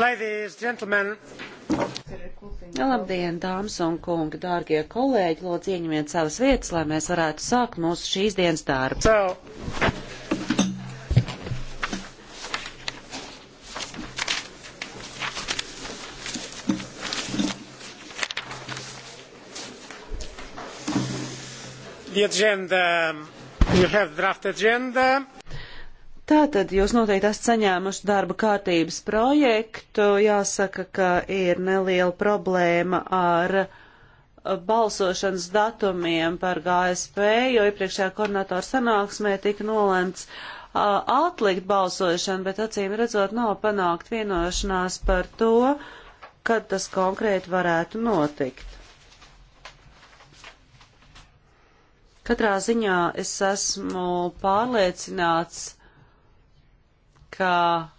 Ladies, gentlemen. Nu, labdien, dāmas un kungi, dārgie kolēģi, lūdzu ieņemiet savas vietas, lai mēs varētu sākt mūsu šīs dienas darbu. So, the agenda you have draft agenda Tātad jūs noteikti esat saņēmuši darba kārtības projektu. Jāsaka, ka ir neliela problēma ar uh, balsošanas datumiem par GSP, jo iepriekšējā koordinatora sanāksmē tika nolēmts uh, atlikt balsošanu, bet acīm redzot nav panākt vienošanās par to, kad tas konkrēti varētu notikt. Katrā ziņā es esmu pārliecināts, ka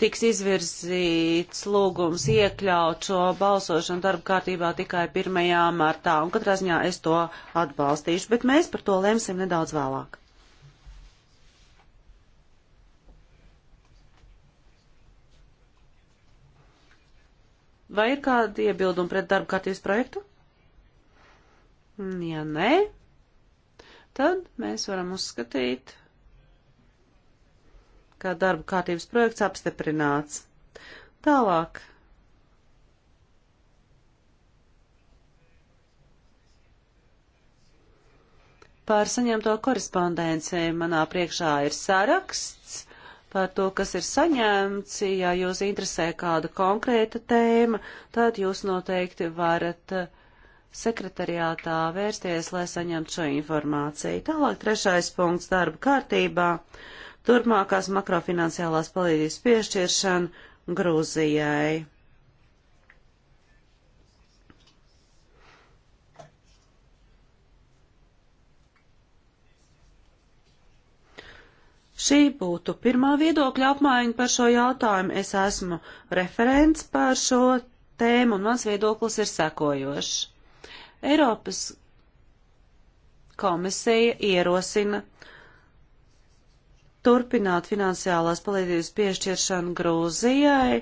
tiks izvirzīts lūgums iekļaut šo balsošanu darba kārtībā tikai 1. martā, un katrā ziņā es to atbalstīšu, bet mēs par to lemsim nedaudz vēlāk. Vai ir kādi iebildumi pret darba kārtības projektu? Mm, ja nē, tad mēs varam uzskatīt kā darba kārtības projekts apstiprināts. Tālāk. Par saņemto korespondenci manā priekšā ir saraksts par to, kas ir saņemts. Ja jūs interesē kāda konkrēta tēma, tad jūs noteikti varat eh, sekretariātā vērsties, lai saņemtu šo informāciju. Tālāk trešais punkts darba kārtībā. Uh, turpmākās makrofinansiālās palīdzības piešķiršanu Grūzijai. Šī būtu pirmā viedokļa apmaiņa par šo jautājumu. Es esmu referents par šo tēmu, un mans viedoklis ir sekojošs. Eiropas komisija ierosina turpināt finansiālās palīdzības piešķiršanu Grūzijai.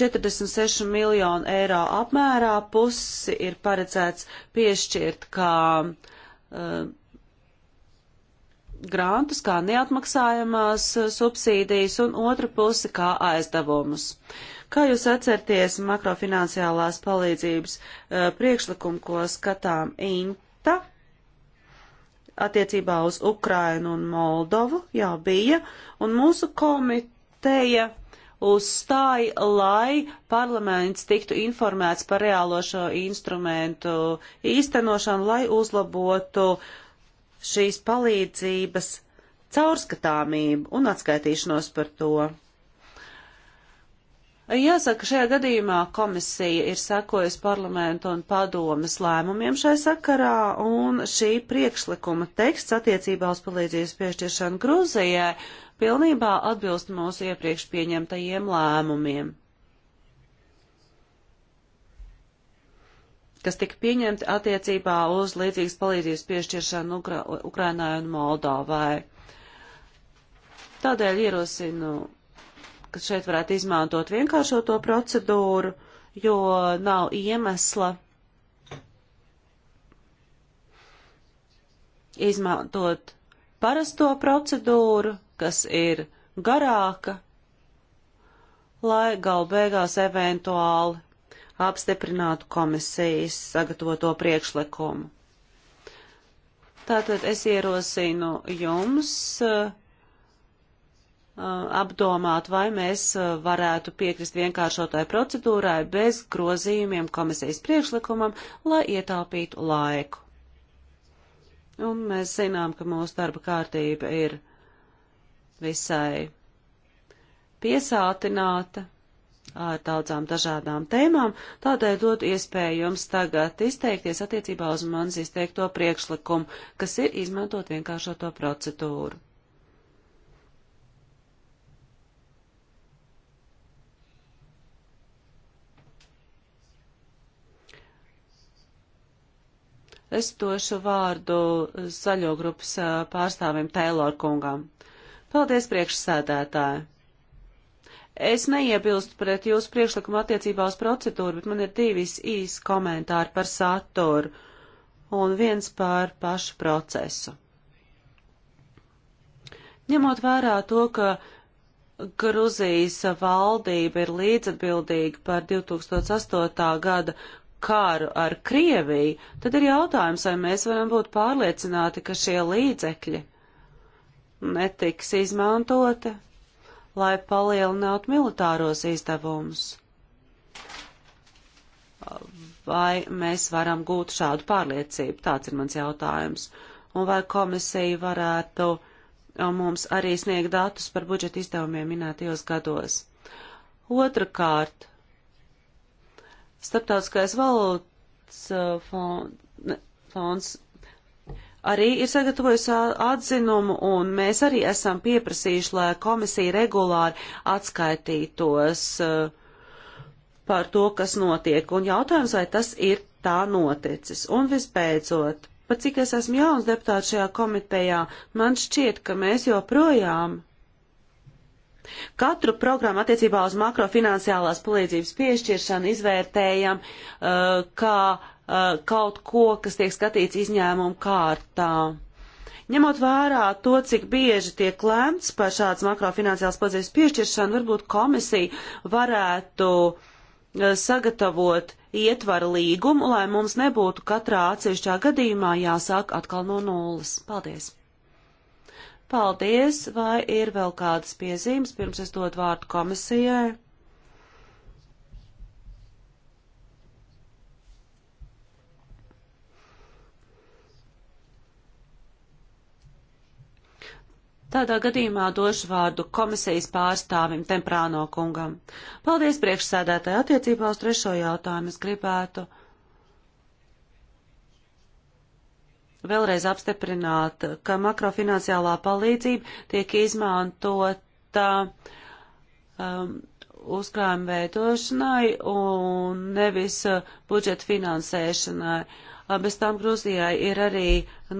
46 miljonu eiro apmērā pusi ir paredzēts piešķirt kā uh, grantus, kā neatmaksājamās eh, subsīdijas, un otra pusi kā aizdevumus. Kā jūs atcerties makrofinansiālās palīdzības uh, priekšlikumu, ko skatām INTA? attiecībā uz Ukrainu un Moldovu, jā, bija, un mūsu komiteja uzstāja, lai parlaments tiktu informēts par reālo šo instrumentu īstenošanu, lai uzlabotu šīs palīdzības caurskatāmību un atskaitīšanos par to. Jāsaka, šajā gadījumā komisija ir sekojusi parlamentu un padomas lēmumiem šai sakarā, un šī priekšlikuma teksts attiecībā uz palīdzības piešķiršanu Grūzijai pilnībā atbilst mūsu iepriekš pieņemtajiem lēmumiem, kas tika pieņemti attiecībā uz līdzīgas palīdzības piešķiršanu Ukra Ukrainai un Moldovai. Tādēļ ierosinu ka šeit varētu izmantot vienkāršoto procedūru, jo nav iemesla izmantot parasto procedūru, kas ir garāka, lai gal beigās eventuāli apstiprinātu komisijas sagatavoto priekšlikumu. Tātad es ierosinu jums uh, apdomāt, vai mēs varētu piekrist vienkāršotai procedūrai bez grozījumiem komisijas priekšlikumam, lai ietaupītu laiku. Un mēs zinām, ka mūsu darba kārtība ir visai piesātināta ar daudzām dažādām tēmām, tādēļ dod iespēju jums tagad izteikties attiecībā uz manis izteikto priekšlikumu, kas ir izmantot vienkāršoto procedūru. Es došu vārdu zaļo grupas pārstāvim Taylor kungam. Paldies, priekšsēdētāji! Es neiebilstu pret jūsu priekšlikumu attiecībā uz procedūru, bet man ir divas īsi komentāri par saturu un viens par pašu procesu. Ņemot vērā to, ka Gruzijas valdība ir līdzatbildīga par 2008. gada kāru ar Krieviju, tad ir jautājums, vai mēs varam būt pārliecināti, ka šie līdzekļi netiks izmantoti, lai palielinātu militāros izdevumus. Vai mēs varam gūt šādu pārliecību? Tāds ir mans jautājums. Un vai komisija varētu uh, mums arī sniegt datus par budžeta izdevumiem minētajos gados? Otrakārt, Starptautiskais valūtas uh, fonds, fonds arī ir sagatavojis uh, atzinumu, un mēs arī esam pieprasījuši, lai komisija regulāri atskaitītos uh, par to, kas notiek, un jautājums, vai tas ir tā noticis. Un visbeidzot, pat cik es esmu jauns deputāts šajā komitejā, man šķiet, ka mēs joprojām Katru programmu attiecībā uz makrofinansiālās palīdzības piešķiršanu izvērtējam uh, kā uh, kaut ko, kas tiek skatīts izņēmumu kārtā. Ņemot vērā to, cik bieži tiek lēmts par šādas makrofinansiālas palīdzības piešķiršanu, varbūt komisija varētu uh, sagatavot ietvaru līgumu, lai mums nebūtu katrā atsevišķā gadījumā jāsāk atkal no nulles. Paldies! Paldies, vai ir vēl kādas piezīmes, pirms es dodu vārdu komisijai? Tādā gadījumā došu vārdu komisijas pārstāvim Temprāno kungam. Paldies priekšsēdētāji attiecībā uz trešo jautājumu. Es gribētu vēlreiz apstiprināt, ka makrofinansiālā palīdzība tiek izmantota um, uzkrājuma veidošanai un nevis uh, budžeta finansēšanai. Uh, bez tam Grūzijai ir arī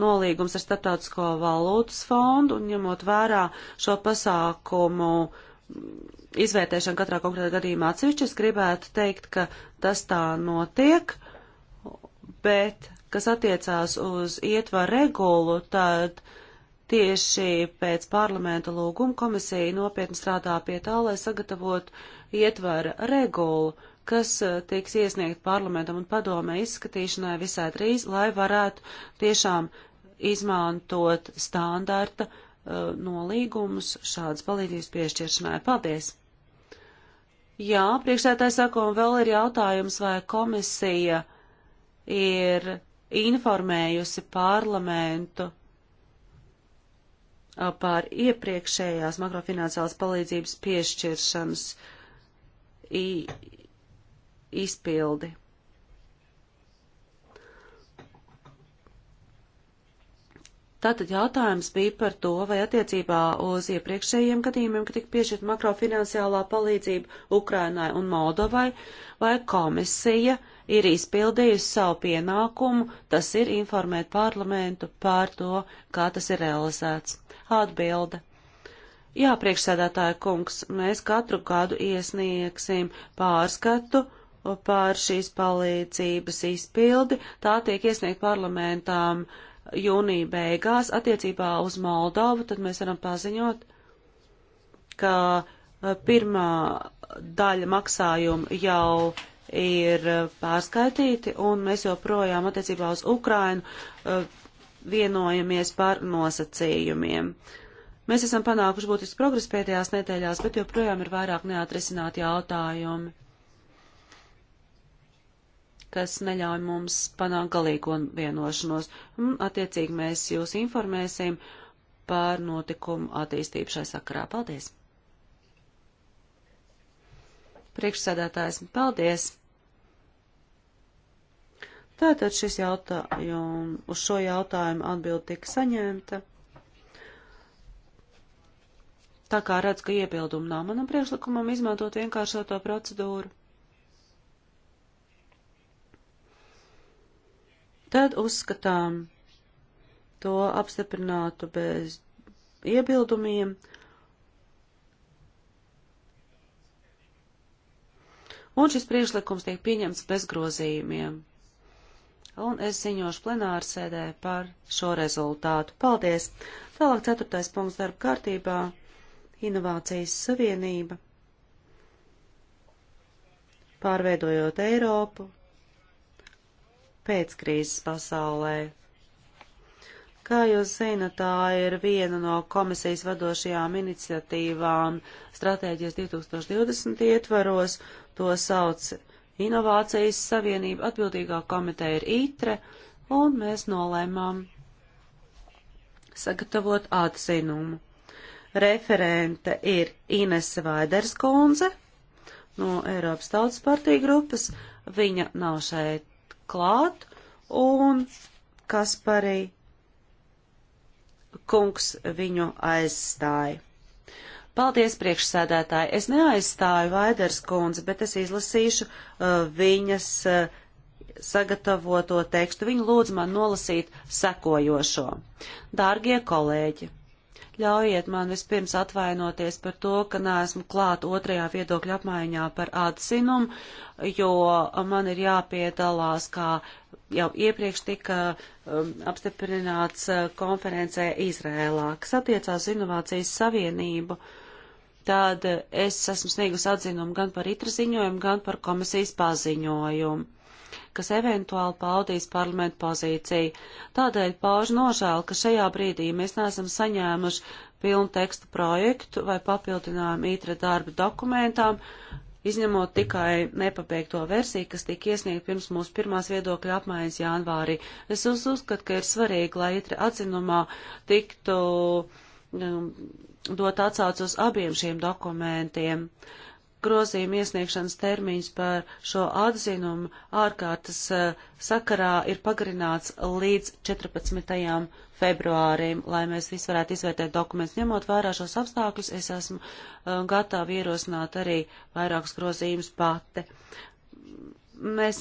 nolīgums ar Startautisko valūtas fondu, un ņemot vērā šo pasākumu mm, izvērtēšanu katrā konkrētā gadījumā atsevišķi, es gribētu teikt, ka tas tā notiek, bet kas attiecās uz ietvaru regulu, tad tieši pēc parlamenta lūguma komisija nopietni strādā pie tā, lai sagatavotu ietvaru regulu, kas eh, tiks iesniegt parlamentam un padomē izskatīšanai visai drīz, lai varētu tiešām izmantot standarta uh, nolīgumus šādas palīdzības piešķiršanai. Paldies! Jā, priekšsētāji saka, un vēl ir jautājums, vai komisija ir informējusi parlamentu uh, par iepriekšējās makrofinansālas palīdzības piešķiršanas izpildi. Tātad jautājums bija par to, vai attiecībā uz iepriekšējiem gadījumiem, kad tika piešķirta makrofinanciālā palīdzība Ukrainai un Moldovai, vai komisija uh, ir izpildījusi savu pienākumu, tas ir informēt parlamentu par to, kā tas ir realizēts. Atbilde. Jā, priekšsēdētāja kungs, mēs katru gadu iesniegsim pārskatu par šīs palīdzības izpildi. Tā tiek iesniegt parlamentām jūnija beigās attiecībā uz Moldovu, tad mēs varam paziņot, ka pirmā daļa maksājumu jau ir eh, pārskaitīti, un mēs joprojām attiecībā uz Ukrainu eh, vienojamies par nosacījumiem. Mēs esam panākuši būtisks progress pēdējās nedēļās, bet joprojām ir vairāk neatrisināti jautājumi, kas neļauj mums panākt galīgo vienošanos. Un, attiecīgi mēs jūs informēsim par notikumu attīstību šai sakarā. Paldies! Priekšsēdētājs, paldies! Tātad šis jautājums, uz šo jautājumu atbild tika saņemta. Tā kā redz, ka iebildumu nav manam priekšlikumam izmantot vienkāršoto procedūru. Tad uzskatām to apstiprinātu bez iebildumiem. Un šis priekšlikums tiek pieņemts bez grozījumiem un es ziņošu plenāru sēdē par šo rezultātu. Paldies! Tālāk ceturtais punkts darba kārtībā - Inovācijas Savienība. Pārveidojot Eiropu pēc krīzes pasaulē. Kā jūs zinat, tā ir viena no komisijas vadošajām iniciatīvām stratēģijas 2020 ietvaros, to sauc Inovācijas Savienība atbildīgā komiteja ir ITRE, un mēs nolēmām sagatavot atzinumu. Referente ir Inese Vaiderskundze no Eiropas Tautas partija grupas. Viņa nav šeit klāt, un Kasparī kungs viņu aizstāja. Paldies, priekšsēdētāji. Es neaizstāju Vaiders kundzi, bet es izlasīšu uh, viņas uh, sagatavoto tekstu. Viņa lūdz man nolasīt sekojošo. Dārgie kolēģi! Ļaujiet man vispirms atvainoties par to, ka neesmu klāt otrajā viedokļa apmaiņā par atzinumu, jo man ir jāpiedalās, kā jau iepriekš tika um, apstiprināts uh, konferencē Izrēlā, kas attiecās Inovācijas Savienību. Uh, tad es esmu sniegus atzinumu gan par itra ziņojumu, gan par komisijas paziņojumu, kas eventuāli paudīs parlamentu pozīciju. Tādēļ pauž nožēlu, ka šajā brīdī mēs neesam saņēmuši pilnu tekstu projektu vai papildinājumu itra darba dokumentām, izņemot tikai nepabeigto versiju, kas tika iesniegta pirms mūsu pirmās viedokļa apmaiņas janvārī. Es uzskatu, ka ir svarīgi, lai itra atzinumā tiktu um, dot atsauc uz abiem šiem dokumentiem. Grozījuma iesniegšanas termiņš par šo atzinumu ārkārtas eh, sakarā ir pagarināts līdz 14. februārim, lai mēs visi varētu izvērtēt dokumentus. Ņemot vērā šos apstākļus, es esmu eh, gatava ierosināt arī vairākus grozījumus pati mēs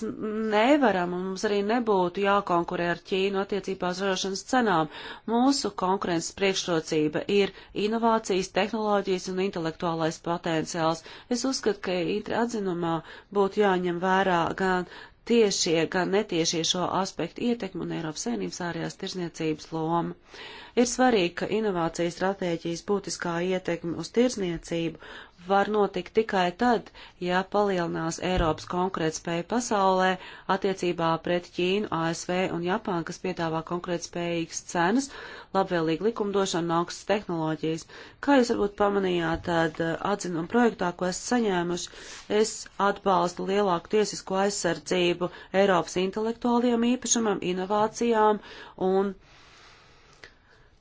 nevaram un mums arī nebūtu jākonkurē ar Ķīnu attiecībā uz ražošanas cenām. Mūsu konkurences priekšrocība ir inovācijas, tehnoloģijas un intelektuālais potenciāls. Es uzskatu, ka itri atzinumā būtu jāņem vērā gan tiešie, gan netiešie šo aspektu ietekmu un Eiropas Savienības ārējās tirzniecības loma. Ir svarīgi, ka inovācijas stratēģijas būtiskā ietekme uz tirzniecību var notikt tikai tad, ja palielinās Eiropas konkurētspēja pasaulē attiecībā pret Ķīnu, ASV un Japānu, kas piedāvā konkurētspējīgas cenas, labvēlīgu likumdošanu un augstas tehnoloģijas. Kā jūs varbūt pamanījāt, tad uh, atzinuma projektā, ko esat saņēmuši, es atbalstu lielāku tiesisko aizsardzību Eiropas intelektuāliem īpašumam, inovācijām un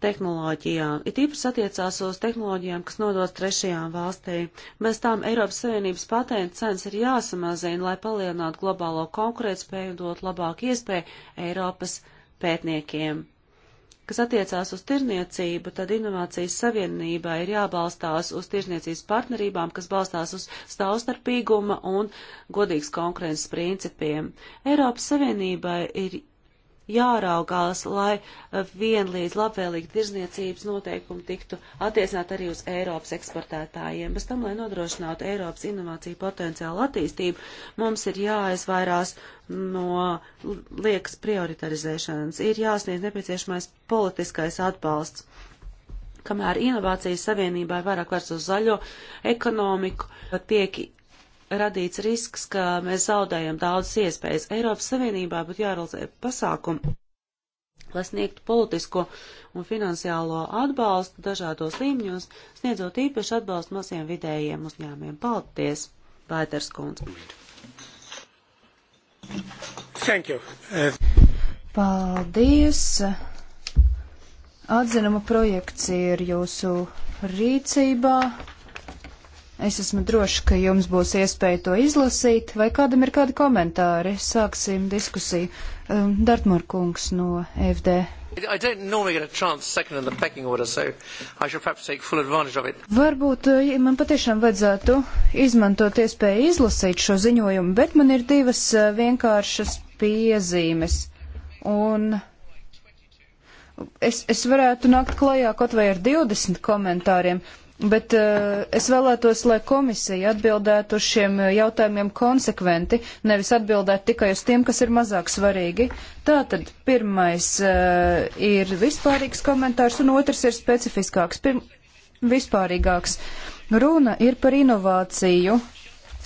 tehnoloģijām. It īpaši attiecās uz tehnoloģijām, kas nodos trešajām valstīm. Bez tām Eiropas Savienības patenta cenas ir jāsamazina, lai palielinātu globālo konkurētspēju un dot labāku iespēju Eiropas pētniekiem. Kas attiecās uz tirniecību, tad inovācijas savienībā ir jābalstās uz tirniecības partnerībām, kas balstās uz stāvstarpīguma un godīgas konkurences principiem. Eiropas Savienībai ir jāraugās, lai eh, vienlīdz labvēlīgi tirzniecības noteikumi tiktu attiecināt arī uz Eiropas eksportētājiem. Bez tam, lai nodrošinātu Eiropas inovāciju potenciālu attīstību, mums ir jāizvairās no liekas prioritarizēšanas, ir jāsniedz nepieciešamais politiskais atbalsts. Kamēr inovācijas savienībai vairāk vairs uz zaļo ekonomiku tiek radīts risks, ka mēs zaudējam daudzas iespējas. Eiropas Savienībā būtu jāralizē pasākumu, lai sniegtu politisko un finansiālo atbalstu dažādos līmeņos, sniedzot īpašu atbalstu maziem vidējiem uzņēmiem. Paldies, Pēters Kunds. Thank you. Uh... Paldies. Atzinuma projekts ir jūsu rīcībā. Es esmu droši, ka jums būs iespēja to izlasīt, vai kādam ir kādi komentāri. Sāksim diskusiju. Um, Dartmar kungs no FD. Order, so Varbūt uh, man patiešām vajadzētu izmantot iespēju izlasīt šo ziņojumu, bet man ir divas uh, vienkāršas piezīmes. Un es, es varētu nākt klajā kaut vai ar 20 komentāriem, Bet uh, es vēlētos, lai komisija atbildētu uz šiem eh, jautājumiem konsekventi, nevis atbildētu tikai uz tiem, kas ir mazāk svarīgi. Tātad pirmais uh, ir vispārīgs komentārs un otrs ir specifiskāks, pirm, vispārīgāks. Runa ir par inovāciju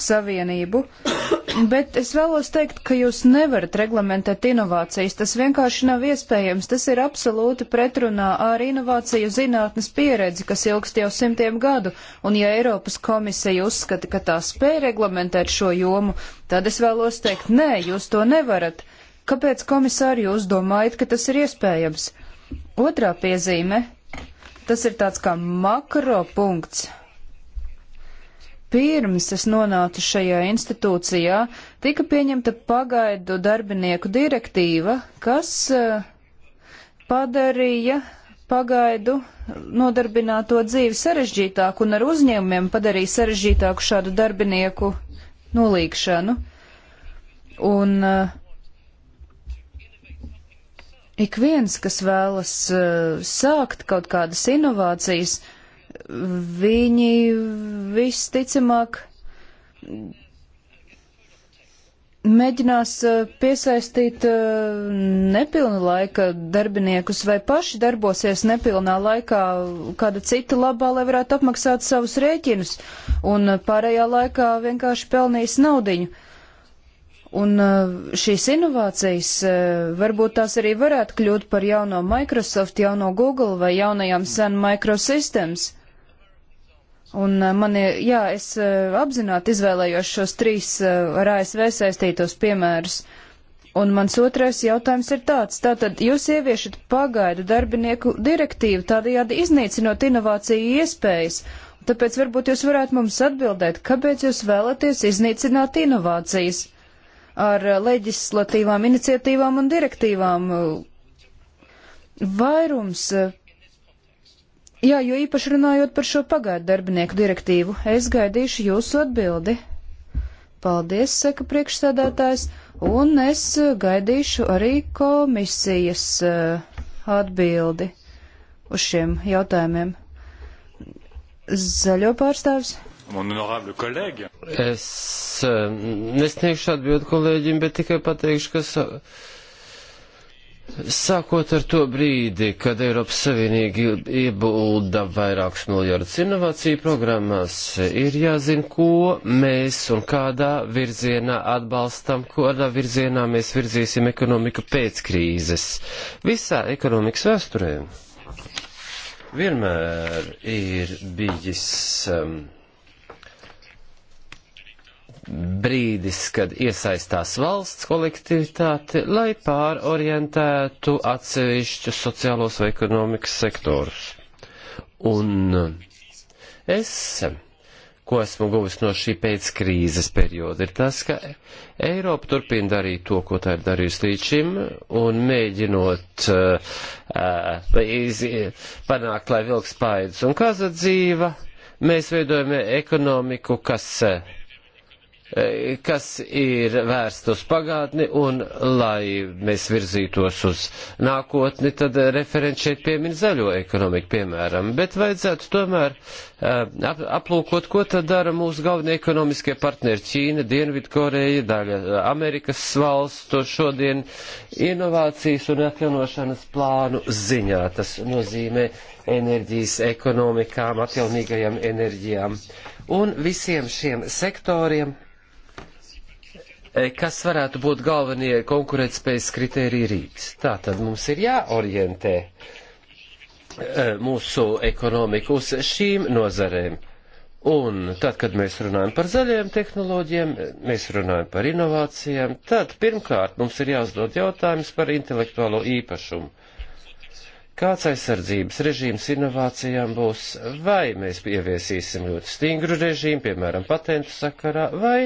Savienību, bet es vēlos teikt, ka jūs nevarat reglamentēt inovācijas. Tas vienkārši nav iespējams. Tas ir absolūti pretrunā ar inovāciju zinātnes pieredzi, kas ilgst jau simtiem gadu. Un ja Eiropas komisija uzskata, ka tā spēja reglamentēt šo jomu, tad es vēlos teikt, nē, jūs to nevarat. Kāpēc, komisāri, jūs domājat, ka tas ir iespējams? Otrā piezīme. Tas ir tāds kā makro punkts pirms es nonācu šajā institūcijā, tika pieņemta pagaidu darbinieku direktīva, kas eh, padarīja pagaidu nodarbināto dzīvi sarežģītāku un ar uzņēmumiem padarīja sarežģītāku šādu darbinieku nolīgšanu. Un uh, ik viens, kas vēlas uh, sākt kaut kādas inovācijas, uh, viņi visticamāk mēģinās eh, piesaistīt eh, nepilna laika darbiniekus vai paši darbosies nepilnā laikā kāda cita labā, lai varētu apmaksāt savus rēķinus un eh, pārējā laikā vienkārši pelnīs naudiņu. Un šīs inovācijas, varbūt tās arī varētu kļūt par jauno Microsoft, jauno Google vai jaunajām sen Microsystems. Un eh, man, jā, es eh, apzināti izvēlējos šos trīs eh, ar ASV saistītos piemērus. Un mans otrais jautājums ir tāds. Tātad jūs ieviešat pagaidu darbinieku direktīvu, tādējādi iznīcinot inovāciju iespējas. Tāpēc varbūt jūs varētu mums atbildēt, kāpēc jūs vēlaties iznīcināt inovācijas ar leģislatīvām iniciatīvām un direktīvām. Vairums Jā, jo īpaši runājot par šo pagaidu darbinieku direktīvu, es gaidīšu jūsu atbildi. Paldies, saka priekšsēdētājs, un es gaidīšu arī komisijas eh, atbildi uz šiem jautājumiem. Zaļo pārstāvs. Es eh, nesniegšu atbildi kolēģim, bet tikai pateikšu, kas Sākot ar to brīdi, kad Eiropas Savienība iebulda vairākus miljardus inovāciju programmās, ir jāzina, ko mēs un kādā virzienā atbalstam, kādā virzienā mēs virzīsim ekonomiku pēc krīzes. Visā ekonomikas vēsturē vienmēr ir bijis. Um, brīdis, kad iesaistās valsts kolektivitāte, lai pārorientētu atsevišķus sociālos vai ekonomikas sektorus. Un es, ko esmu guvis no šī pēckrīzes perioda, ir tas, ka Eiropa turpina darīt to, ko tā ir darījusi līdz šim, un mēģinot uh, eh, uh, eh, iz, panākt, lai vilks paēdus un kaza dzīva, mēs veidojam ekonomiku, kas uh, Eh, kas ir vērst uz pagātni un lai mēs virzītos uz nākotni, tad referents šeit piemin zaļo ekonomiku, piemēram, bet vajadzētu tomēr eh, ap, aplūkot, ko tad dara mūsu galvenie ekonomiskie partneri Ķīna, Dienvidkoreja, daļa Amerikas valstu šodien inovācijas un atjaunošanas plānu ziņā. Tas nozīmē enerģijas ekonomikām, atjaunīgajām enerģijām. Un visiem šiem sektoriem E, kas varētu būt galvenie konkurētspējas kritēriji Rīgas. Tā tad mums ir jāorientē e, mūsu ekonomiku uz šīm nozarēm. Un tad, kad mēs runājam par zaļiem tehnoloģiem, mēs runājam par inovācijām, tad pirmkārt mums ir jāuzdod jautājums par intelektuālo īpašumu. Kāds aizsardzības režīms inovācijām būs, vai mēs pieviesīsim ļoti stingru režīmu, piemēram, patentu sakarā, vai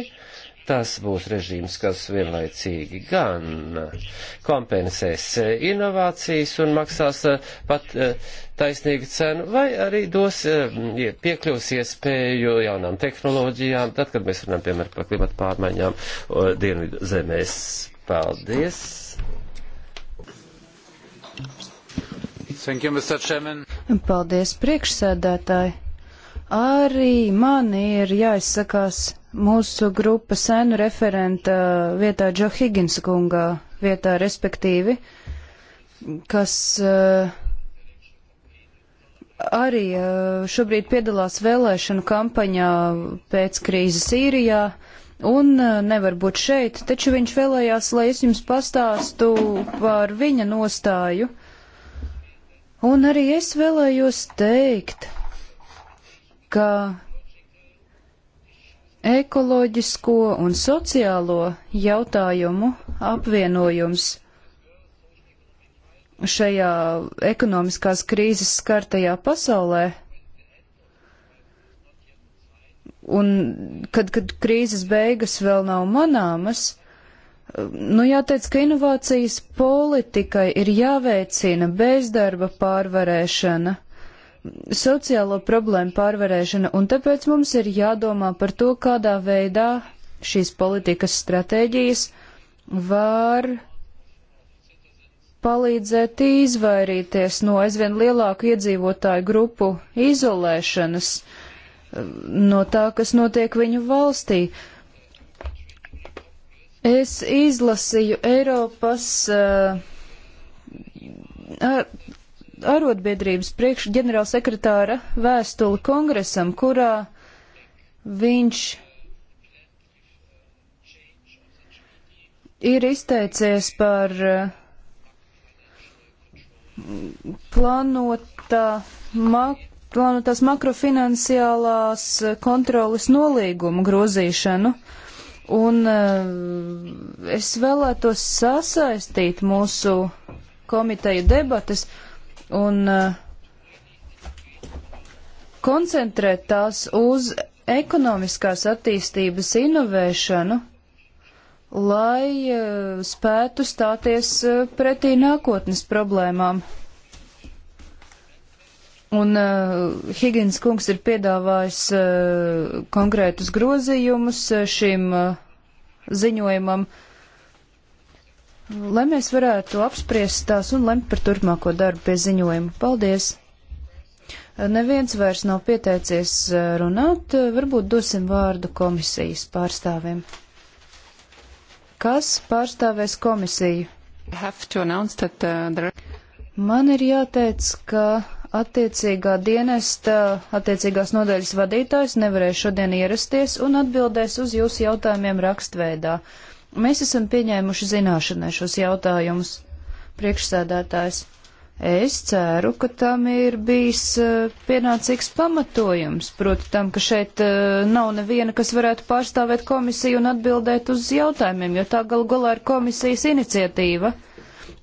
Tas būs režīms, kas vienlaicīgi gan kompensēs eh, inovācijas un maksās eh, pat eh, taisnīgu cenu, vai arī dos piekļuvs iespēju jaunām tehnoloģijām, tad, kad mēs runājam, piemēram, par klimatu pārmaiņām dienvidu zemēs. Paldies! Thank you, Mr. Chairman. Paldies, priekšsēdētāji! Arī man ir jāizsakās mūsu grupa sēnu referenta vietā Džo Higgins kunga vietā, respektīvi, kas uh, arī uh, šobrīd piedalās vēlēšanu kampaņā pēc krīzes Sīrijā un uh, nevar būt šeit, taču viņš vēlējās, lai es jums pastāstu par viņa nostāju. Un arī es vēlējos teikt, ka ekoloģisko un sociālo jautājumu apvienojums šajā ekonomiskās krīzes skartajā pasaulē. Un kad, kad krīzes beigas vēl nav manāmas, nu jāteic, ka inovācijas politikai ir jāveicina bezdarba pārvarēšana sociālo problēmu pārvarēšana, un tāpēc mums ir jādomā par to, kādā veidā šīs politikas stratēģijas var palīdzēt izvairīties no aizvien lielāku iedzīvotāju grupu izolēšanas, eh, no tā, kas notiek viņu valstī. Es izlasīju Eiropas uh, eh, ar, arotbiedrības priekš ģenerālsekretāra vēstuli kongresam, kurā viņš ir izteicies par mm, plānotā mak plānotās makrofinansiālās kontrolas nolīgumu grozīšanu. Un eh, es vēlētos sasaistīt mūsu komiteju debates un eh, koncentrēt tās uz ekonomiskās attīstības inovēšanu, lai eh, spētu stāties eh, pretī nākotnes problēmām. Un uh, Higgins kungs ir piedāvājis uh, konkrētus grozījumus šim uh, ziņojumam. Uh, lai mēs varētu apspriest tās un lemt par turpmāko darbu pie ziņojuma. Paldies! Neviens vairs nav pieteicies eh, runāt, varbūt dosim vārdu komisijas pārstāvim. Kas pārstāvēs komisiju? That, uh, there... Man ir jāteic, ka attiecīgā dienesta, attiecīgās nodaļas vadītājs nevarēja šodien ierasties un atbildēs uz jūsu jautājumiem rakstveidā. Uh, Mēs esam pieņēmuši zināšanai šos jautājumus. Priekšsēdētājs, es ceru, ka tam ir bijis eh, pienācīgs pamatojums, proti tam, ka šeit eh, nav neviena, kas varētu pārstāvēt komisiju un atbildēt uz jautājumiem, jo tā galu galā ir komisijas iniciatīva.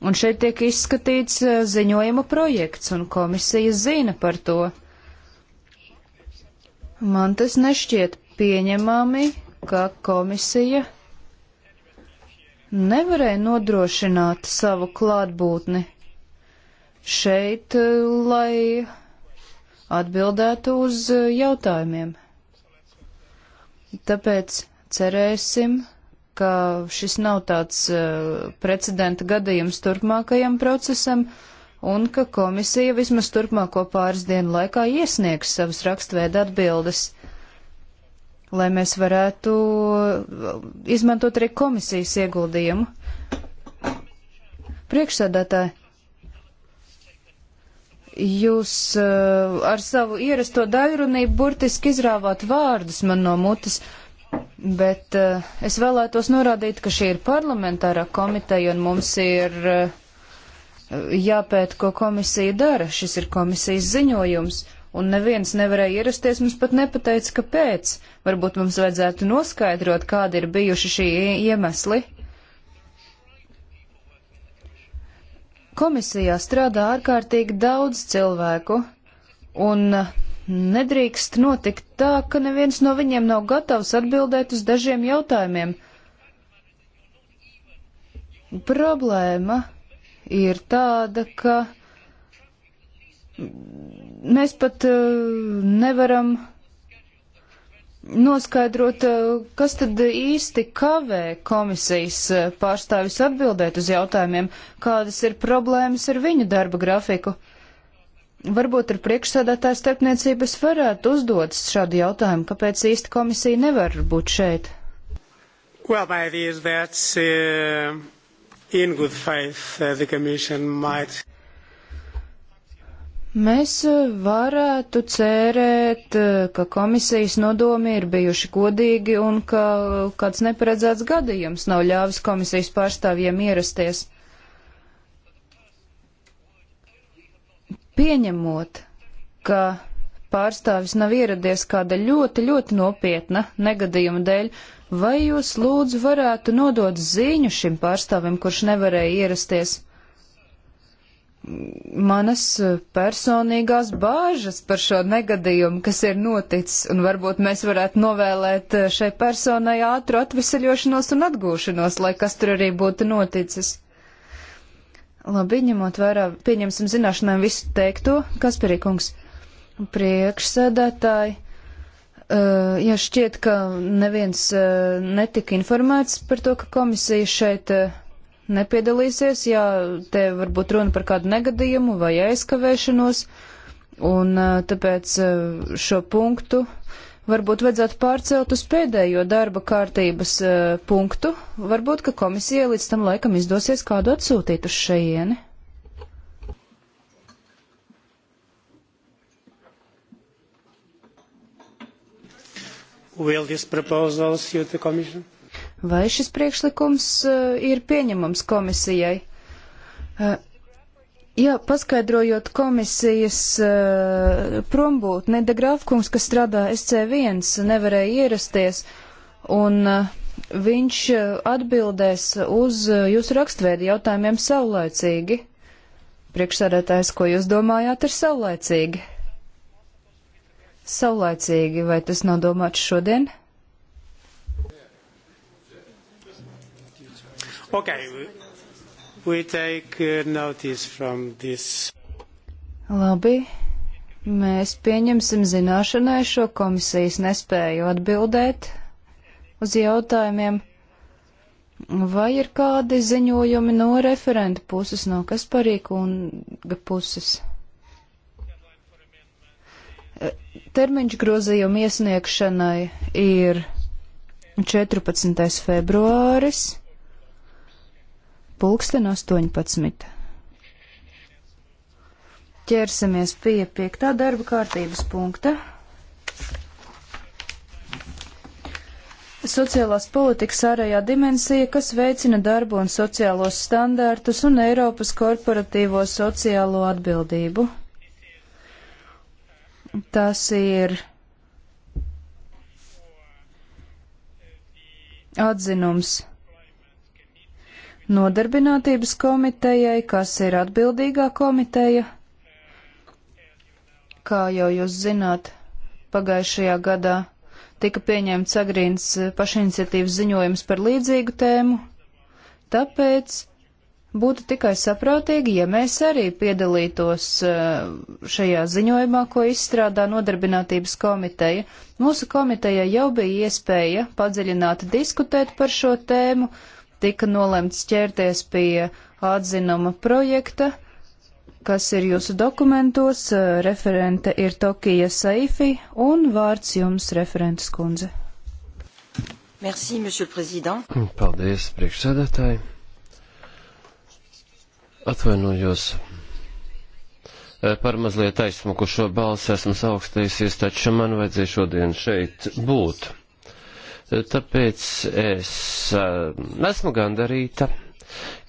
Un šeit tiek izskatīts eh, ziņojuma projekts, un komisija zina par to. Man tas nešķiet pieņemami, ka komisija nevarēja nodrošināt savu klātbūtni šeit, lai atbildētu uz jautājumiem. Tāpēc cerēsim, ka šis nav tāds e, precedenta gadījums turpmākajam procesam un ka komisija vismaz turpmāko pāris dienu laikā iesniegs savas rakstveidu atbildes lai mēs varētu uh, izmantot arī komisijas ieguldījumu. Priekšsēdētāji, jūs uh, ar savu ierasto daļrunību burtiski izrāvāt vārdus man no mutes, bet uh, es vēlētos norādīt, ka šī ir parlamentārā komiteja un mums ir uh, jāpēt, ko komisija dara. Šis ir komisijas ziņojums un neviens nevarēja ierasties, mums pat nepateica, kāpēc. Varbūt mums vajadzētu noskaidrot, kādi ir bijuši šī iemesli. Komisijā strādā ārkārtīgi daudz cilvēku, un nedrīkst notikt tā, ka neviens no viņiem nav gatavs atbildēt uz dažiem jautājumiem. Problēma ir tāda, ka Mēs pat uh, nevaram noskaidrot, uh, kas tad īsti kavē komisijas uh, pārstāvis atbildēt uz jautājumiem, kādas ir problēmas ar viņu darba grafiku. Varbūt ar priekšsādātāju starpniecības varētu uzdot šādu jautājumu, kāpēc īsti komisija nevar būt šeit. Well, my idea is that uh, in good faith uh, the Commission might. Mēs e, varētu cerēt, e, ka komisijas nodomi ir bijuši godīgi un ka kāds neparedzēts gadījums nav ļāvis komisijas pārstāvjiem ierasties. Pieņemot, ka pārstāvis nav ieradies kāda ļoti, ļoti nopietna negadījuma dēļ, vai jūs lūdzu varētu nodot ziņu šim pārstāvim, kurš nevarēja ierasties? manas eh, personīgās bāžas par šo negadījumu, kas ir noticis, un varbūt mēs varētu novēlēt eh, šai personai ātru atvesaļošanos un atgūšanos, lai kas tur arī būtu noticis. Labi, ņemot vērā, pieņemsim zināšanām visu teikto, Kasperīkungs, priekšsēdētāji. Uh, ja šķiet, ka neviens uh, netika informēts par to, ka komisija šeit uh, nepiedalīsies, ja te varbūt runa par kādu negadījumu vai aizkavēšanos, un tāpēc šo punktu varbūt vajadzētu pārcelt uz pēdējo darba kārtības uh, punktu. Varbūt, ka komisija līdz tam laikam izdosies kādu atsūtīt uz šajieni. Will this proposal suit the Commission? vai šis priekšlikums eh, ir pieņemams komisijai. Eh, jā, paskaidrojot komisijas eh, prombūtni, Degrāfkungs, kas strādā SC1, nevarēja ierasties, un viņš atbildēs uz jūsu rakstveidu jautājumiem saulēcīgi. Priekšsēdētājs, ko jūs domājāt, ir saulēcīgi. Saulēcīgi, vai tas nav domāts šodien? Okay. We take uh, notice from this. Labi. Mēs pieņemsim zināšanai šo komisijas nespēju atbildēt uz jautājumiem. Vai ir kādi ziņojumi no referenta puses, no Kasparīka un puses? E, termiņš grozījuma iesniegšanai ir 14. februāris. Pulksten 18. Ķersimies pie piektā darba kārtības punkta. Sociālās politikas ārējā dimensija, kas veicina darbu un sociālos standārtus un Eiropas korporatīvo sociālo atbildību. Tas ir atzinums Nodarbinātības komitejai, kas ir atbildīgā komiteja. Kā jau jūs zināt, pagājušajā gadā tika pieņemts agrīns eh, pašiniciatīvas ziņojums par līdzīgu tēmu, tāpēc būtu tikai saprātīgi, ja mēs arī piedalītos eh, šajā ziņojumā, ko izstrādā Nodarbinātības komiteja. Mūsu komiteja jau bija iespēja padziļināti diskutēt par šo tēmu, tika nolemts ķerties pie atzinuma projekta, kas ir jūsu dokumentos. Eh, referente ir Tokija Saifi un vārds jums, referentes kundze. Merci, monsieur le président. Paldies, priekšsēdētāji. Atvainojos eh, par mazliet aizsmukušo balsi esmu saukstējusies, taču man vajadzēja šodien šeit būt. Tāpēc es esmu gandarīta,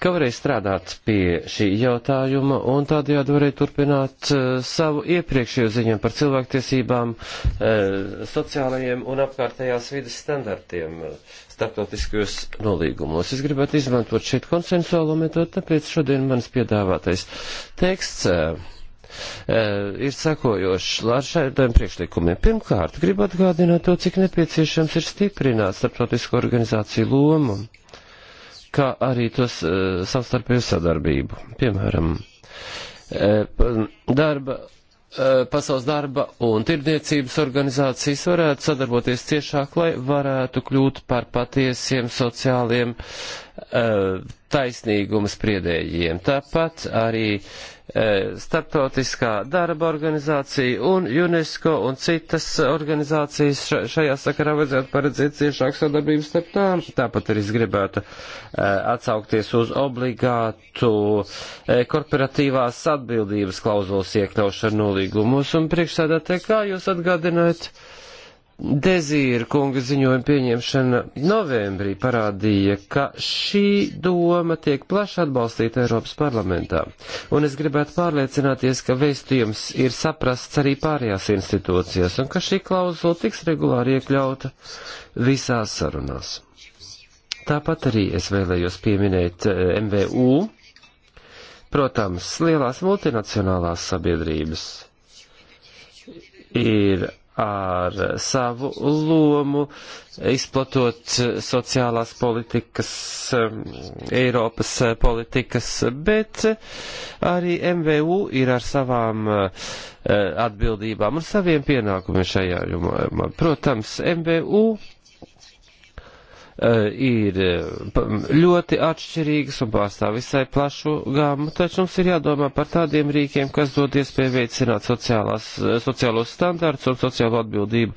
ka varēju strādāt pie šī jautājuma un tādējādi varēju turpināt savu iepriekšējo ziņu par cilvēktiesībām, sociālajiem un apkārtējās vidas standartiem starptautiskajos nolīgumos. Es gribētu izmantot šeit konsensuālo metodu, tāpēc šodien manis piedāvātais teksts Eh, ir sekojošs ar šādiem priekšlikumiem. Pirmkārt, gribu atgādināt to, cik nepieciešams ir stiprināt starptautisko organizāciju lomu, kā arī tos uh, eh, savstarpēju sadarbību. Piemēram, uh, darba Pasaules darba un tirdzniecības organizācijas varētu sadarboties ciešāk, lai varētu kļūt par patiesiem sociāliem taisnīguma spriedējiem. Tāpat arī E, Startautiskā darba organizācija un UNESCO un citas organizācijas šajā sakarā vajadzētu paredzēt ciešāku sadarbību starp tām. Tāpat arī es gribētu e, atsaukties uz obligātu e, korporatīvās atbildības klauzulas iekļaušanu nolīgumos un priekšsēdētē, kā jūs atgādinājat? Dezīra kunga ziņojuma pieņemšana novembrī parādīja, ka šī doma tiek plaši atbalstīta Eiropas parlamentā, un es gribētu pārliecināties, ka vēstījums ir saprasts arī pārējās institūcijās, un ka šī klauzula tiks regulāri iekļauta visās sarunās. Tāpat arī es vēlējos pieminēt eh, MVU, protams, lielās multinacionālās sabiedrības ir ar savu lomu, izplatot sociālās politikas, um, Eiropas uh, politikas, bet arī MVU ir ar savām uh, uh, atbildībām un saviem pienākumiem šajā jomā. Protams, MVU Eh, ir eh, ļoti atšķirīgas un pārstāv visai plašu gāmu, taču mums ir jādomā par tādiem rīkiem, kas dod iespēju veicināt sociālās, eh, sociālos standārts un sociālo atbildību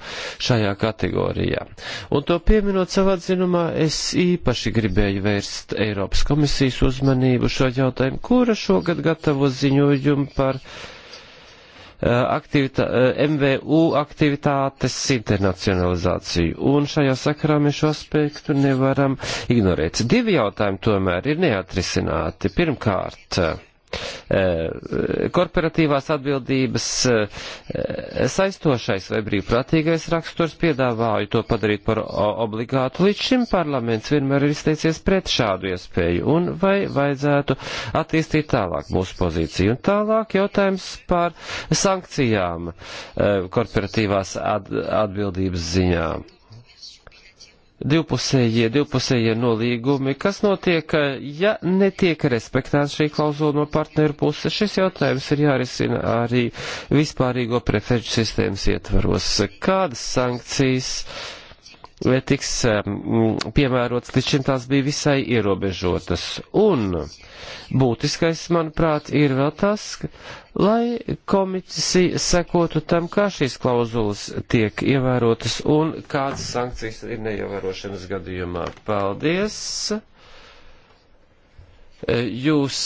šajā kategorijā. Un to pieminot savā dzinumā, es īpaši gribēju vērst Eiropas komisijas uzmanību šo jautājumu, kura šogad gatavo ziņojumu par Eh, aktivitā, eh, MVU aktivitātes internacionalizāciju. Un šajā sakarā mēs šo aspektu nevaram ignorēt. Divi jautājumi tomēr ir neatrisināti. Pirmkārt, Eh, korporatīvās atbildības eh, saistošais vai brīvprātīgais raksturs piedāvāju to padarīt par obligātu. Līdz šim parlaments vienmēr ir izteicies pret šādu iespēju un vai vajadzētu attīstīt tālāk mūsu pozīciju. Un tālāk jautājums par sankcijām eh, korporatīvās atbildības ziņām divpusējie, divpusējie nolīgumi, kas notiek, ja netiek respektēta šī klauzula no partneru puses. Šis jautājums ir jārisina arī vispārīgo preferenču sistēmas ietvaros. Kādas sankcijas vai eh, tiks ehm, piemērotas, līdz šim tās bija visai ierobežotas? Un būtiskais, manuprāt, ir vēl tas, lai komisija sekotu tam, kā šīs klauzulas tiek ievērotas un kādas sankcijas ir neievērošanas gadījumā. Paldies! Jūs,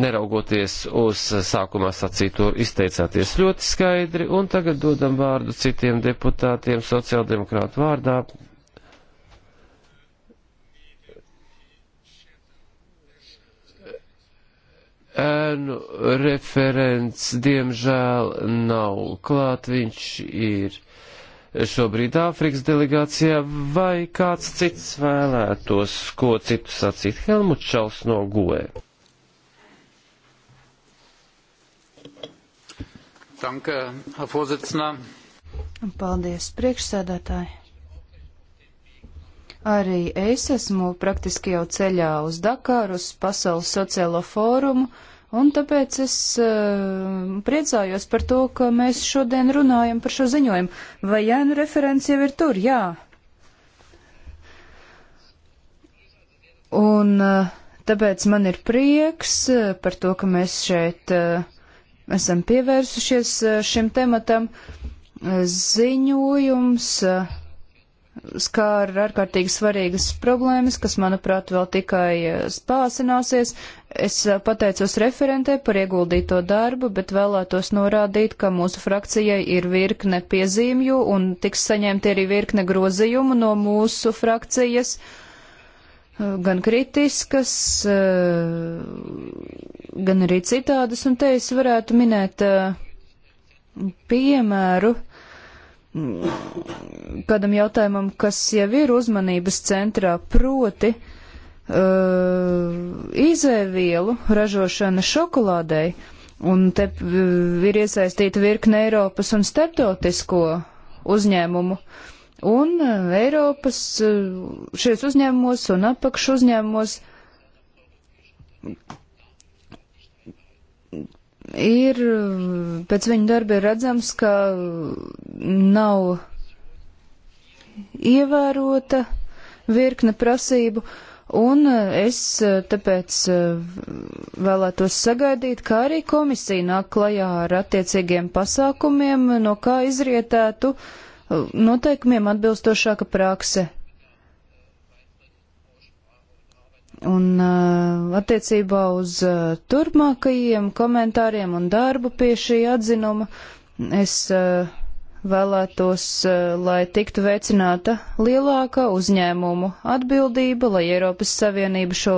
neraugoties uz sākumā sacīto, izteicāties ļoti skaidri, un tagad dodam vārdu citiem deputātiem sociāldemokrātu vārdā. ēnu referents diemžēl nav klāt, viņš ir šobrīd Āfrikas delegācijā, vai kāds cits vēlētos, ko citu sacīt Helmut Čals no Goē. E. Danke, Herr Vorsitzender. Paldies, priekšsēdētāji. Arī es esmu praktiski jau ceļā uz Dakāru, uz Pasaules sociālo fórumu, un tāpēc es uh, priecājos par to, ka mēs šodien runājam par šo ziņojumu. Vai Jānu referents jau ir tur? Jā. Un uh, tāpēc man ir prieks uh, par to, ka mēs šeit uh, esam pievērsušies šim tematam. Ziņojums. Uh, skāra ārkārtīgi svarīgas problēmas, kas, manuprāt, vēl tikai eh, spāsināsies. Es eh, pateicos referentē par ieguldīto darbu, bet vēlētos norādīt, ka mūsu frakcijai ir virkne piezīmju un tiks saņemti arī virkne grozījumu no mūsu frakcijas, eh, gan kritiskas, gan arī citādas, un te es varētu minēt piemēru Mm, kādam jautājumam, kas jau ir uzmanības centrā, proti uh, izēvielu ražošana šokolādei, un te uh, ir iesaistīta virkne Eiropas un starptautisko uzņēmumu. Un uh, Eiropas uh, šajos uzņēmumos un apakšu uzņēmumos ir, pēc viņu darba ir redzams, ka nav ievērota virkne prasību, un es eh, tāpēc eh, vēlētos sagaidīt, kā arī komisija nāk klajā ar attiecīgiem pasākumiem, no kā izrietētu eh, noteikumiem atbilstošāka prakse. Un attiecībā uz turpmākajiem komentāriem un darbu pie šī atzinuma es uh, vēlētos, eh, lai tiktu veicināta lielāka uzņēmumu atbildība, lai Eiropas Savienība šo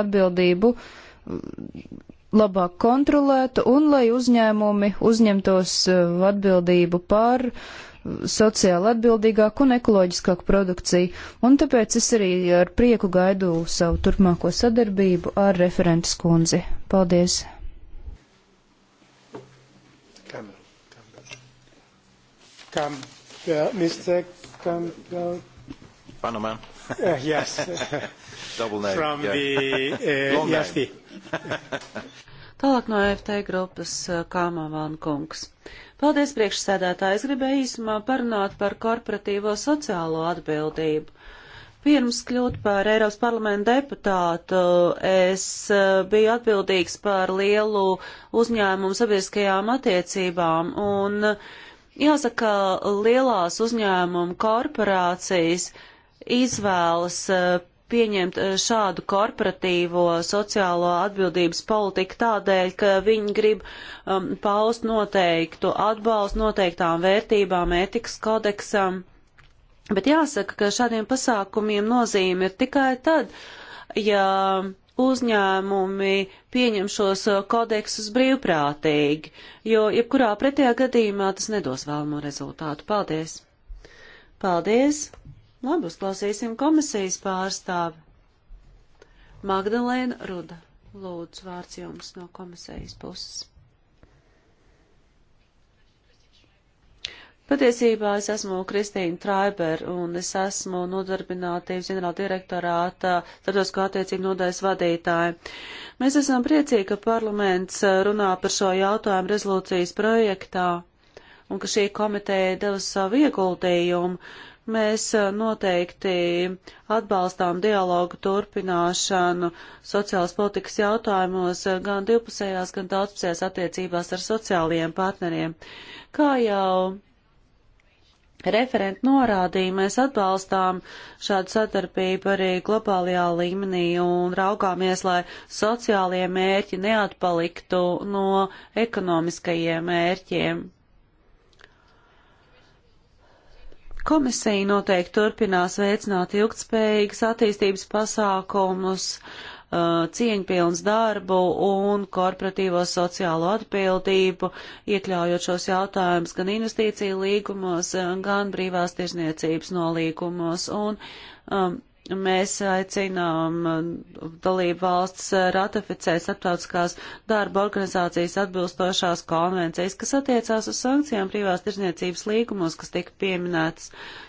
atbildību mm, labāk kontrolētu un lai uzņēmumi uzņemtos eh, atbildību par mm, sociāli atbildīgāku un ekoloģiskāku produkciju. Un tāpēc es arī ar prieku gaidu savu turpmāko sadarbību ar referentes kundzi. Paldies! Camp, uh, Mr. Camp, uh, Panama. Uh, yes. Double name. From yeah. the uh, Long EFT. Tālāk no EFT grupas uh, Kāmavāna kungs. Paldies, priekšsēdētāji. Es gribēju īsumā parunāt par korporatīvo sociālo atbildību. Pirms kļūt par Eiropas parlamenta deputātu, es uh, biju atbildīgs par lielu uzņēmumu sabiedriskajām attiecībām, un uh, Jāsaka, lielās uzņēmumu korporācijas izvēlas e, pieņemt e, šādu korporatīvo sociālo atbildības politiku tādēļ, ka viņi grib um, paust noteiktu atbalstu noteiktām vērtībām, ētikas kodeksam. Bet jāsaka, ka šādiem pasākumiem nozīme ir tikai tad, ja uzņēmumi pieņem šos uh, kodeksus brīvprātīgi, jo jebkurā pretējā gadījumā tas nedos vēlamo rezultātu. Paldies! Paldies! Labi, uzklausīsim komisijas pārstāvi. Magdalēna Ruda, lūdzu, vārds jums no komisijas puses. Patiesībā es esmu Kristīna Traiber un es esmu nodarbinātības ģenerāla direktorāta starptautisko attiecību nodaļas vadītāja. Mēs esam priecīgi, ka parlaments eh, runā par šo jautājumu rezolūcijas projektā un ka šī komiteja deva savu ieguldījumu. Mēs eh, noteikti atbalstām dialogu turpināšanu sociālas politikas jautājumos eh, gan divpusējās, gan daudzpusējās attiecībās ar sociālajiem partneriem. Kā jau referenti norādīja, mēs atbalstām šādu sadarbību arī globālajā līmenī un raugāmies, lai sociālie mērķi neatpaliktu no ekonomiskajiem mērķiem. Komisija noteikti turpinās veicināt ilgtspējīgas attīstības pasākumus, uh, Uh, cieņpilns darbu un korporatīvo sociālo atbildību, iekļaujot šos jautājumus gan investīciju līgumos, gan brīvās tirzniecības nolīgumos. Un, um, Mēs aicinām um, dalību valsts uh, ratificēt starptautiskās darba organizācijas atbilstošās konvencijas, kas attiecās uz sankcijām privās tirzniecības līgumos, kas tika pieminētas.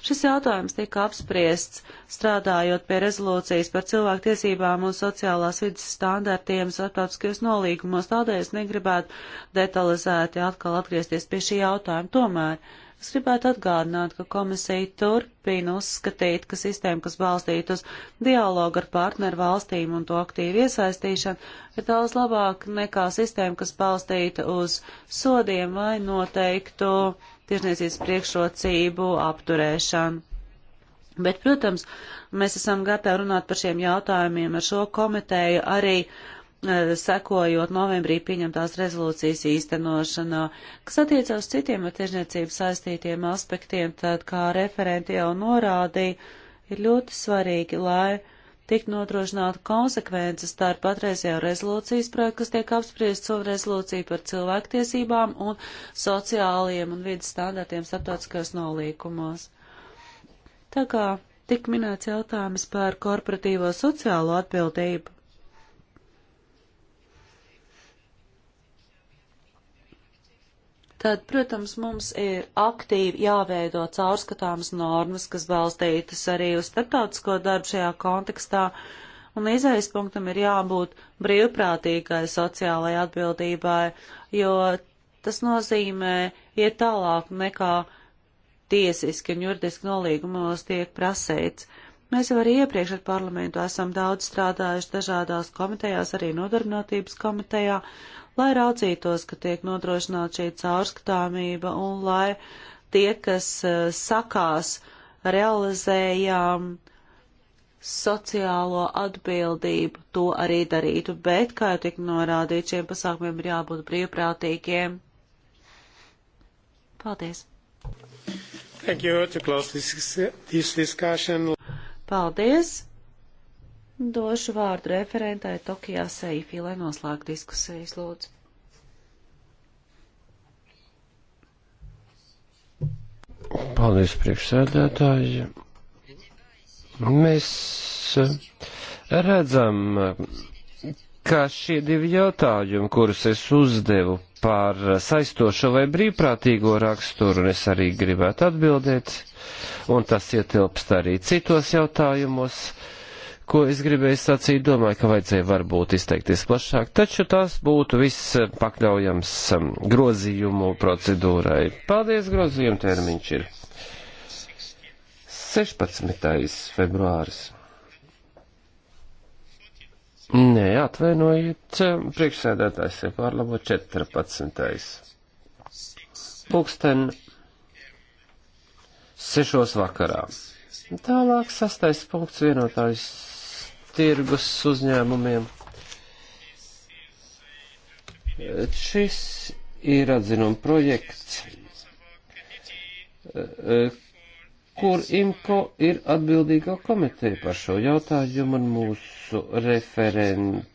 Šis jautājums tika apspriests strādājot pie rezolūcijas par cilvēktiesībām un sociālās vidas standartiem starptautiskajos nolīgumos, tādēļ es negribētu detalizēti atkal atgriezties pie šī jautājuma. Tomēr Es gribētu atgādināt, ka komisija turpina uzskatīt, ka sistēma, kas balstīta uz dialogu ar partneru valstīm un to aktīvu iesaistīšanu, ir daudz labāk nekā sistēma, kas balstīta uz sodiem vai noteiktu tirsniecības priekšrocību apturēšanu. Bet, protams, mēs esam gatavi runāt par šiem jautājumiem ar šo komiteju arī uh, Eh, sekojot novembrī pieņemtās rezolūcijas īstenošanā, kas attiecās citiem ar tirzniecību saistītiem aspektiem, tad, kā referenti jau norādīja, ir ļoti svarīgi, lai tiktu nodrošināta konsekvences starp patreizējo rezolūcijas projektu, kas tiek apspriests un rezolūciju par cilvēktiesībām un sociālajiem un vidas standartiem starptautiskajos nolīkumos. Tā kā tik minēts jautājums par korporatīvo sociālo atbildību, tad, protams, mums ir aktīvi jāveido caurskatāmas normas, kas balstītas arī uz starptautisko darbu šajā kontekstā, un izējas punktam ir jābūt brīvprātīgai sociālai atbildībai, jo tas nozīmē iet tālāk nekā tiesiski un juridiski nolīgumos tiek prasīts. Mēs jau arī iepriekš ar parlamentu esam daudz strādājuši dažādās komitejās, arī nodarbinātības komitejā, lai raucītos, ka tiek nodrošināta šī caurskatāmība un lai tie, kas eh, sakās, realizējām sociālo atbildību, to arī darītu, bet, kā jau tika norādīts, šiem pasākumiem ir jābūt brīvprātīgiem. Paldies! Thank you to close this, this discussion. Paldies! Došu vārdu referentai Tokijā Seifī, lai noslēgtu diskusijas, lūdzu. Paldies, priekšsēdētāji. Mēs eh, redzam, ka šie divi jautājumi, kurus es uzdevu par saistošo vai brīvprātīgo raksturu, un es arī gribētu atbildēt, un tas ietilpst arī citos jautājumos ko es gribēju sacīt, domāju, ka vajadzēja varbūt izteikties plašāk, taču tas būtu viss eh, pakļaujams um, grozījumu procedūrai. Paldies, grozījumu termiņš ir 16. februāris. Nē, atvainojiet, priekšsēdētājs ir pārlabo 14. Pūksten 6. vakarā. Tālāk sastais punkts vienotājs tirgus uzņēmumiem. Šis ir atzinuma projekts, kur IMCO ir atbildīgā komiteja par šo jautājumu un mūsu referente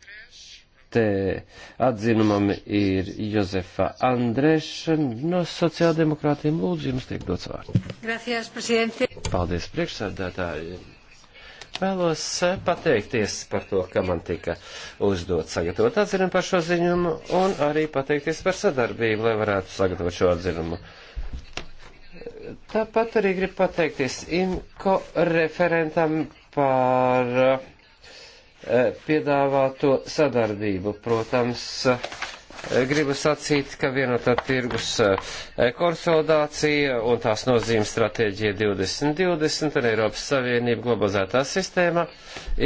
atzinumam ir Jozefa Andreša no sociāldemokrātiem. Lūdzu, jums tiek dots vārds. Gracias, presidente. Paldies, priekšsēdētāji. Vēlos eh, pateikties par to, ka man tika uzdot sagatavot atzinumu par šo ziņumu un arī pateikties par sadarbību, lai varētu sagatavot šo atzinumu. Tāpat arī gribu pateikties IMCO referentam par eh, piedāvāto sadarbību. Protams, Eh, gribu sacīt, ka vienotā tirgus eh, konsolidācija un tās nozīme stratēģija 2020 un Eiropas Savienība globalizētā sistēma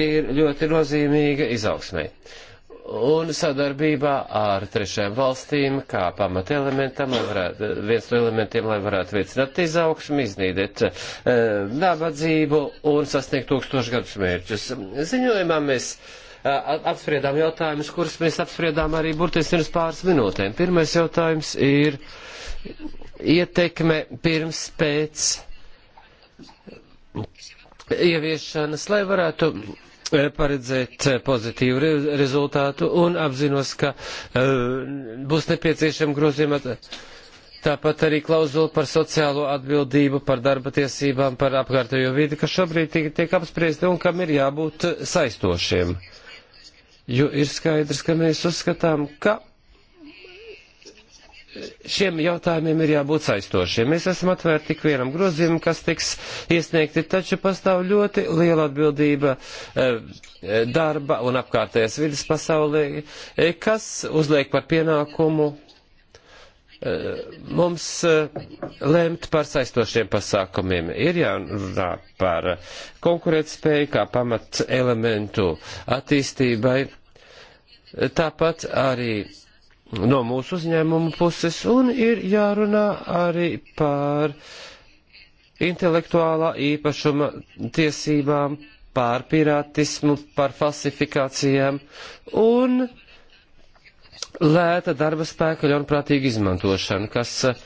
ir ļoti nozīmīga izaugsmai. Un sadarbībā ar trešajām valstīm, kā pamata elementam, varētu, viens no elementiem, lai varētu veicināt izaugsmu, iznīdēt e, nabadzību un sasniegt tūkstošgadus mērķus. Ziņojumā mēs. E, apspriedām jautājumus, kurus mēs apspriedām arī burtiski pirms pāris minūtēm. Pirmais jautājums ir ietekme pirms pēc ieviešanas, lai varētu paredzēt pozitīvu re rezultātu un apzinos, ka uh, būs nepieciešama grozījuma. Tāpat arī klauzula par sociālo atbildību, par darba tiesībām, par apkārtējo vidi, kas šobrīd tiek apspriesti un kam ir jābūt saistošiem. Uh, jo ir skaidrs, ka mēs uzskatām, ka šiem jautājumiem ir jābūt saistošiem. Mēs esam atvērti tik vienam grozījumam, kas tiks iesniegti, taču pastāv ļoti liela atbildība eh, darba un apkārtējās vidas pasaulē, eh, kas uzliek par pienākumu Eh, mums eh, lemt par saistošiem pasākumiem. Ir jārunā par konkurētspēju kā pamats elementu attīstībai, tāpat arī no mūsu uzņēmumu puses, un ir jārunā arī par intelektuālā īpašuma tiesībām, pār pirātismu, pār falsifikācijām, un lēta darba spēka ļaunprātīga izmantošana, kas, eh,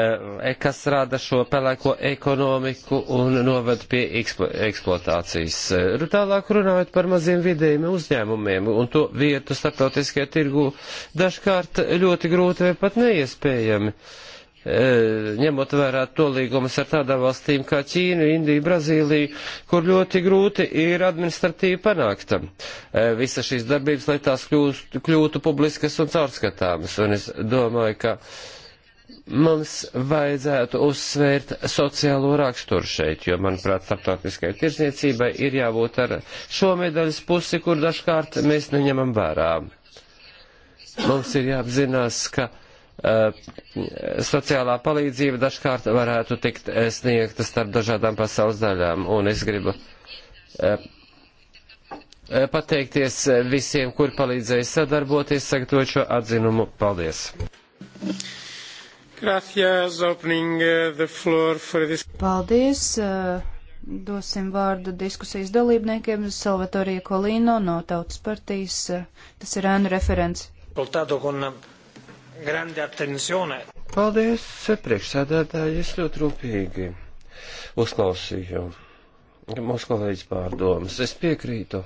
e, kas rada šo pelēko ekonomiku un noved pie eksplo, eksploatācijas. Eh, tālāk runājot par maziem vidējiem uzņēmumiem un to vietu starptautiskajā tirgu, dažkārt ļoti grūti vai pat neiespējami. Uh, E, ņemot vērā to līgumus ar tādām valstīm kā Ķīnu, Indiju, Brazīliju, kur ļoti grūti ir administratīvi panākt e, visa šīs darbības, lai tās kļūst, kļūtu publiskas un caurskatāmas. Un es domāju, ka mums vajadzētu uzsvērt sociālo raksturu šeit, jo, manuprāt, starptautiskai tirsniecībai ir jābūt ar šo medaļas pusi, kur dažkārt mēs neņemam vērā. Mums ir jāapzinās, ka Eh, sociālā palīdzība dažkārt varētu tikt eh, sniegta starp dažādām pasaules daļām. Un es gribu eh, pateikties visiem, kur palīdzēja sadarboties, sagatavot šo atzinumu. Paldies! Gracias, this... Paldies! Dosim vārdu diskusijas dalībniekiem. Salvatorija Kolīno no Tautas partijas. Tas ir ēnu referents. Koltāto, kon grande attenzione. Paldies, priekšsēdētāji, es ļoti rūpīgi uzklausīju mūsu kolēģis pārdomas. Es piekrītu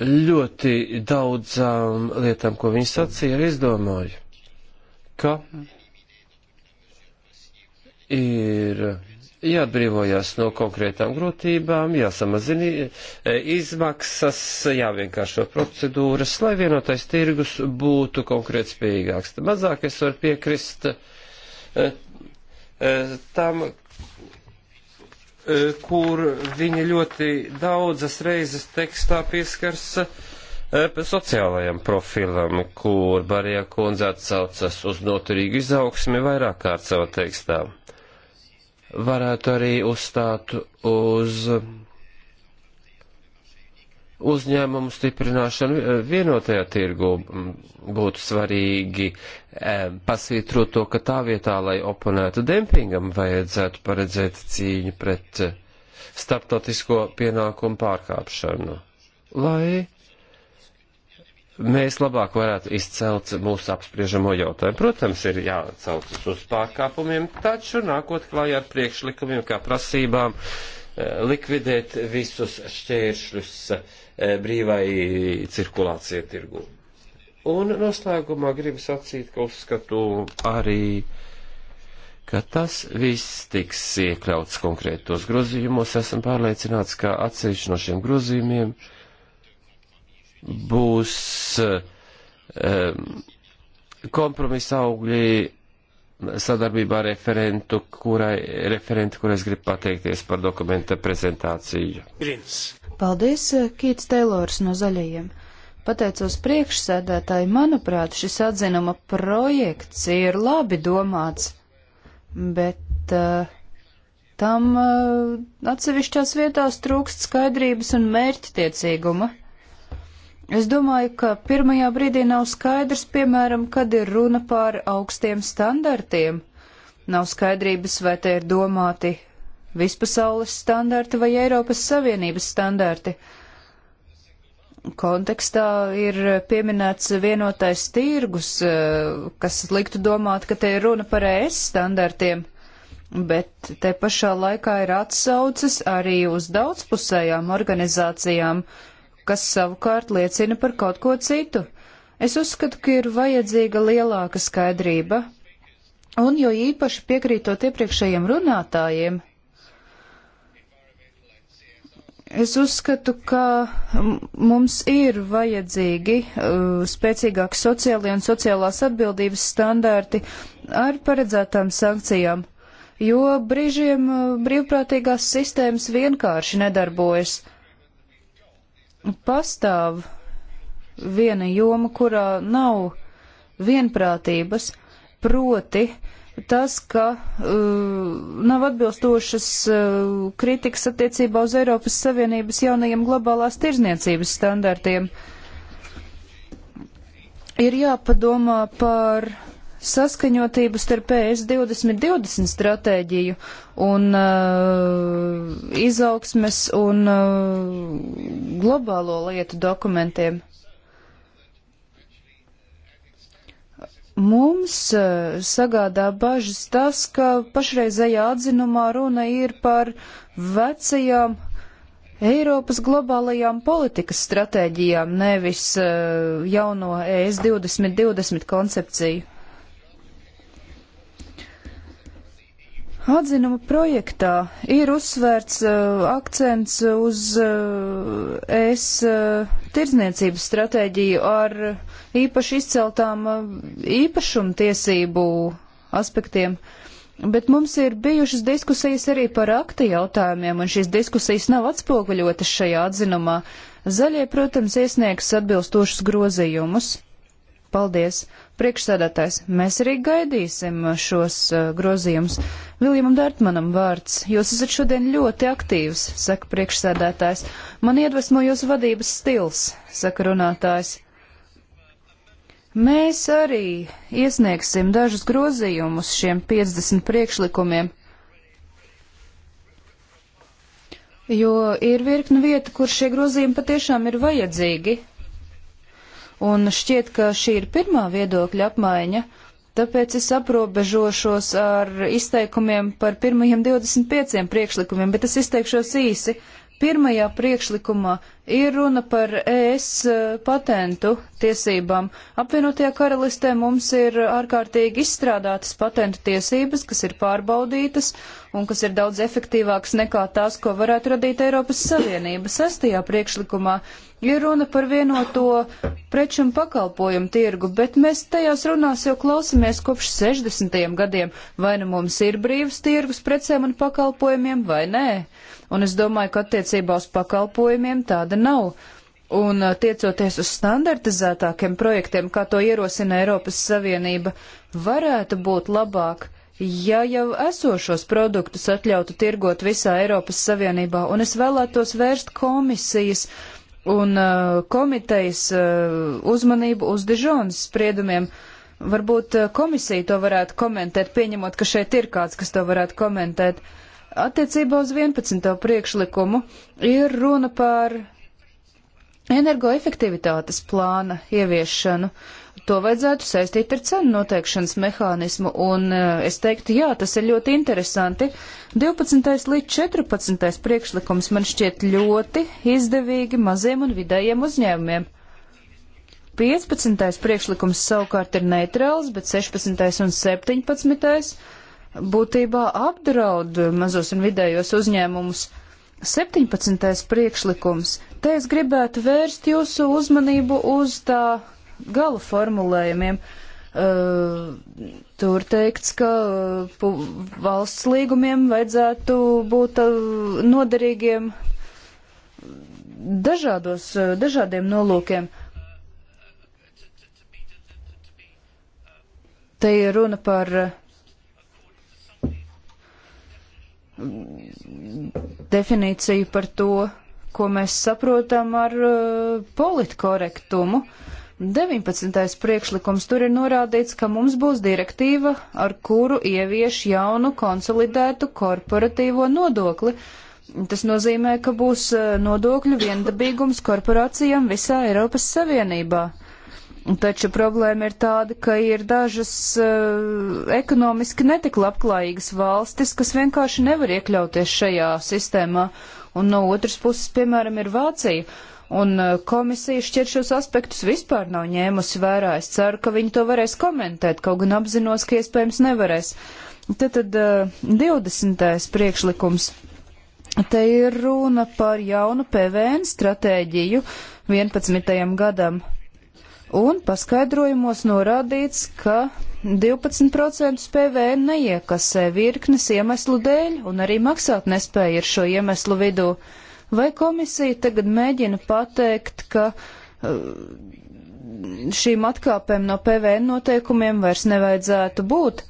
ļoti daudzām lietām, ko viņi sacīja, arī es domāju, ka ir jāatbrīvojas no konkrētām grūtībām, jāsamazina e, izmaksas, jāvienkāršo procedūras, lai vienotais tirgus būtu konkrēt spējīgāks. Mazāk es varu piekrist e, e, tam, kur viņa ļoti daudzas reizes tekstā pieskars sociālajam profilam, kur Barija kundze atsaucas uz noturīgu izaugsmi vairāk kārt savā tekstā varētu arī uzstāt uz uzņēmumu stiprināšanu vienotajā tirgu būtu svarīgi eh, pasvītrot to, ka tā vietā, lai oponētu dempingam, vajadzētu paredzēt cīņu pret starptautisko pienākumu pārkāpšanu, lai mēs labāk varētu izcelt mūsu apspriežamo jautājumu. Protams, ir jācaucas uz pārkāpumiem, taču nākot klājā ar priekšlikumiem, kā prasībām eh, likvidēt visus šķēršļus eh, brīvai cirkulācijai tirgū. Un noslēgumā gribu sacīt, ka uzskatu arī, ka tas viss tiks iekļauts konkrētos grozījumos. Esam pārliecināts, ka atsevišķi no šiem grozījumiem uh, būs um, kompromisa augļi sadarbībā ar referentu, kurai, referentu, kurai es gribu pateikties par dokumenta prezentāciju. Grins. Paldies, eh, Kīts Teilors no Zaļajiem. Pateicos priekšsēdētāji, manuprāt, šis atzinuma projekts ir labi domāts, bet uh, tam uh, atsevišķās vietās trūkst skaidrības un mērķtiecīguma. Es domāju, ka pirmajā brīdī nav skaidrs, piemēram, kad ir runa par augstiem standartiem. Nav skaidrības, vai te ir domāti vispasaules standarti vai Eiropas Savienības standarti. Kontekstā ir pieminēts vienotais tirgus, eh, kas liktu domāt, ka te ir runa par ES standartiem, bet te pašā laikā ir atsaucis arī uz daudzpusējām organizācijām, uh, kas savukārt liecina par kaut ko citu. Es uzskatu, ka ir vajadzīga lielāka skaidrība, un jo īpaši piekrītot iepriekšējiem runātājiem, Es uzskatu, ka mums ir vajadzīgi uh, spēcīgāki sociālie un sociālās atbildības standarti ar paredzētām sankcijām, jo brīžiem uh, brīvprātīgās sistēmas vienkārši nedarbojas pastāv viena joma, kurā nav vienprātības, proti tas, ka uh, nav atbilstošas uh, kritikas attiecībā uz Eiropas Savienības jaunajiem globālās tirzniecības standartiem. Ir jāpadomā par uh, saskaņotību starp e ES 2020 stratēģiju un uh, izaugsmes un uh, globālo lietu dokumentiem. Mums uh, sagādā bažas tas, ka pašreizējā atzinumā runa ir par vecajām Eiropas globālajām politikas stratēģijām, nevis uh, jauno e ES 2020 koncepciju. Atzinuma projektā ir uzsvērts uh, akcents uz uh, es uh, tirdzniecības stratēģiju ar īpaši izceltām uh, īpašumtiesību aspektiem, bet mums ir bijušas diskusijas arī par akti jautājumiem, un šīs diskusijas nav atspoguļotas šajā atzinumā. Zaļie, protams, iesniegs atbilstošus grozījumus. Paldies! Priekšsēdētājs, mēs arī gaidīsim šos uh, grozījumus. Viljamam Dārtmanam vārds. Jūs esat šodien ļoti aktīvs, saka priekšsēdētājs. Man iedvesmo jūsu vadības stils, saka runātājs. Mēs arī iesniegsim dažus grozījumus šiem 50 priekšlikumiem, jo ir virkni vieta, kur šie grozījumi patiešām ir vajadzīgi un šķiet, ka šī ir pirmā viedokļa apmaiņa, tāpēc es aprobežošos ar izteikumiem par pirmajiem 25 priekšlikumiem, bet es izteikšos īsi. Uh, Pirmajā priekšlikumā ir runa par ES eh, patentu tiesībām. Apvienotajā karalistē mums ir ārkārtīgi izstrādātas patentu tiesības, kas ir pārbaudītas un kas ir daudz efektīvākas nekā tās, ko varētu radīt Eiropas Savienība. Sestajā priekšlikumā ir runa par vienoto preču un pakalpojumu tirgu, bet mēs tajās runās jau klausamies kopš 60. gadiem, vai nu mums ir brīvs tirgus precēm un pakalpojumiem, vai nē un es domāju, ka attiecībā uz pakalpojumiem tāda nav. Un uh, tiecoties uz standartizētākiem projektiem, kā to ierosina Eiropas Savienība, varētu būt labāk, ja jau esošos produktus atļautu tirgot visā Eiropas Savienībā, un es vēlētos vērst komisijas un uh, komitejas uh, uzmanību uz Dižonas spriedumiem. Varbūt uh, komisija to varētu komentēt, pieņemot, ka šeit ir kāds, kas to varētu komentēt. Uh, Attiecībā uz 11. priekšlikumu ir runa par energoefektivitātes plāna ieviešanu. To vajadzētu saistīt ar cenu noteikšanas mehānismu, un e, es teiktu, jā, tas ir ļoti interesanti. 12. līdz 14. priekšlikums man šķiet ļoti izdevīgi maziem un vidējiem uzņēmumiem. 15. priekšlikums savukārt ir neitrāls, bet 16. un 17 būtībā apdraud mazos un vidējos uzņēmumus. 17. priekšlikums. Te es gribētu vērst jūsu uzmanību uz tā gala formulējumiem. Uh, tur teikts, ka uh, valsts līgumiem vajadzētu būt uh, noderīgiem dažādos, uh, dažādiem nolūkiem. Te ir runa par uh, definīciju par to, ko mēs saprotam ar uh, politkorektumu. 19. priekšlikums tur ir norādīts, ka mums būs direktīva, ar kuru ievieš jaunu konsolidētu korporatīvo nodokli. Tas nozīmē, ka būs uh, nodokļu viendabīgums korporācijām visā Eiropas Savienībā. Taču problēma ir tāda, ka ir dažas uh, ekonomiski netik labklājīgas valstis, kas vienkārši nevar iekļauties šajā sistēmā, un no otras puses, piemēram, ir Vācija. Un uh, komisija šķiet šos aspektus vispār nav ņēmusi vērā. Es ceru, ka viņi to varēs komentēt, kaut gan apzinos, ka iespējams nevarēs. Tad, tad uh, eh, 20. priekšlikums. Te ir runa par jaunu PVN stratēģiju 11. gadam un paskaidrojumos norādīts, ka 12% PVN neiekasē virknes iemeslu dēļ, un arī maksāt nespēja ir šo iemeslu vidū. Vai komisija tagad mēģina pateikt, ka uh, šīm atkāpēm no PVN noteikumiem vairs nevajadzētu būt?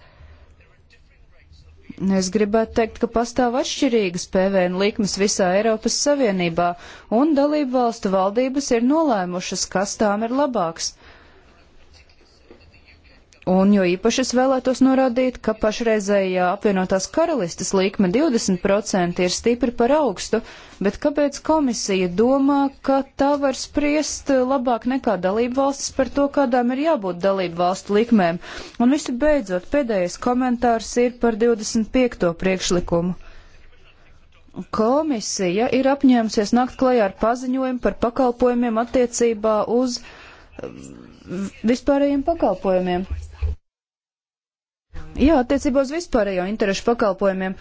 Es gribētu teikt, ka pastāv atšķirīgas PVN likmes visā Eiropas Savienībā, un dalību valstu valdības ir nolēmušas, kas tām ir labāks. Un jo īpaši es vēlētos norādīt, ka pašreizējā apvienotās karalistes likme 20% ir stipri par augstu, bet kāpēc komisija domā, ka tā var spriest labāk nekā dalību valstis par to, kādām ir jābūt dalību valstu likmēm? Un visu beidzot, pēdējais komentārs ir par 25. priekšlikumu. Komisija ir apņēmusies nākt klajā ar paziņojumu par pakalpojumiem attiecībā uz um, vispārējiem pakalpojumiem. Jā, attiecībā uz vispārējo interešu pakalpojumiem.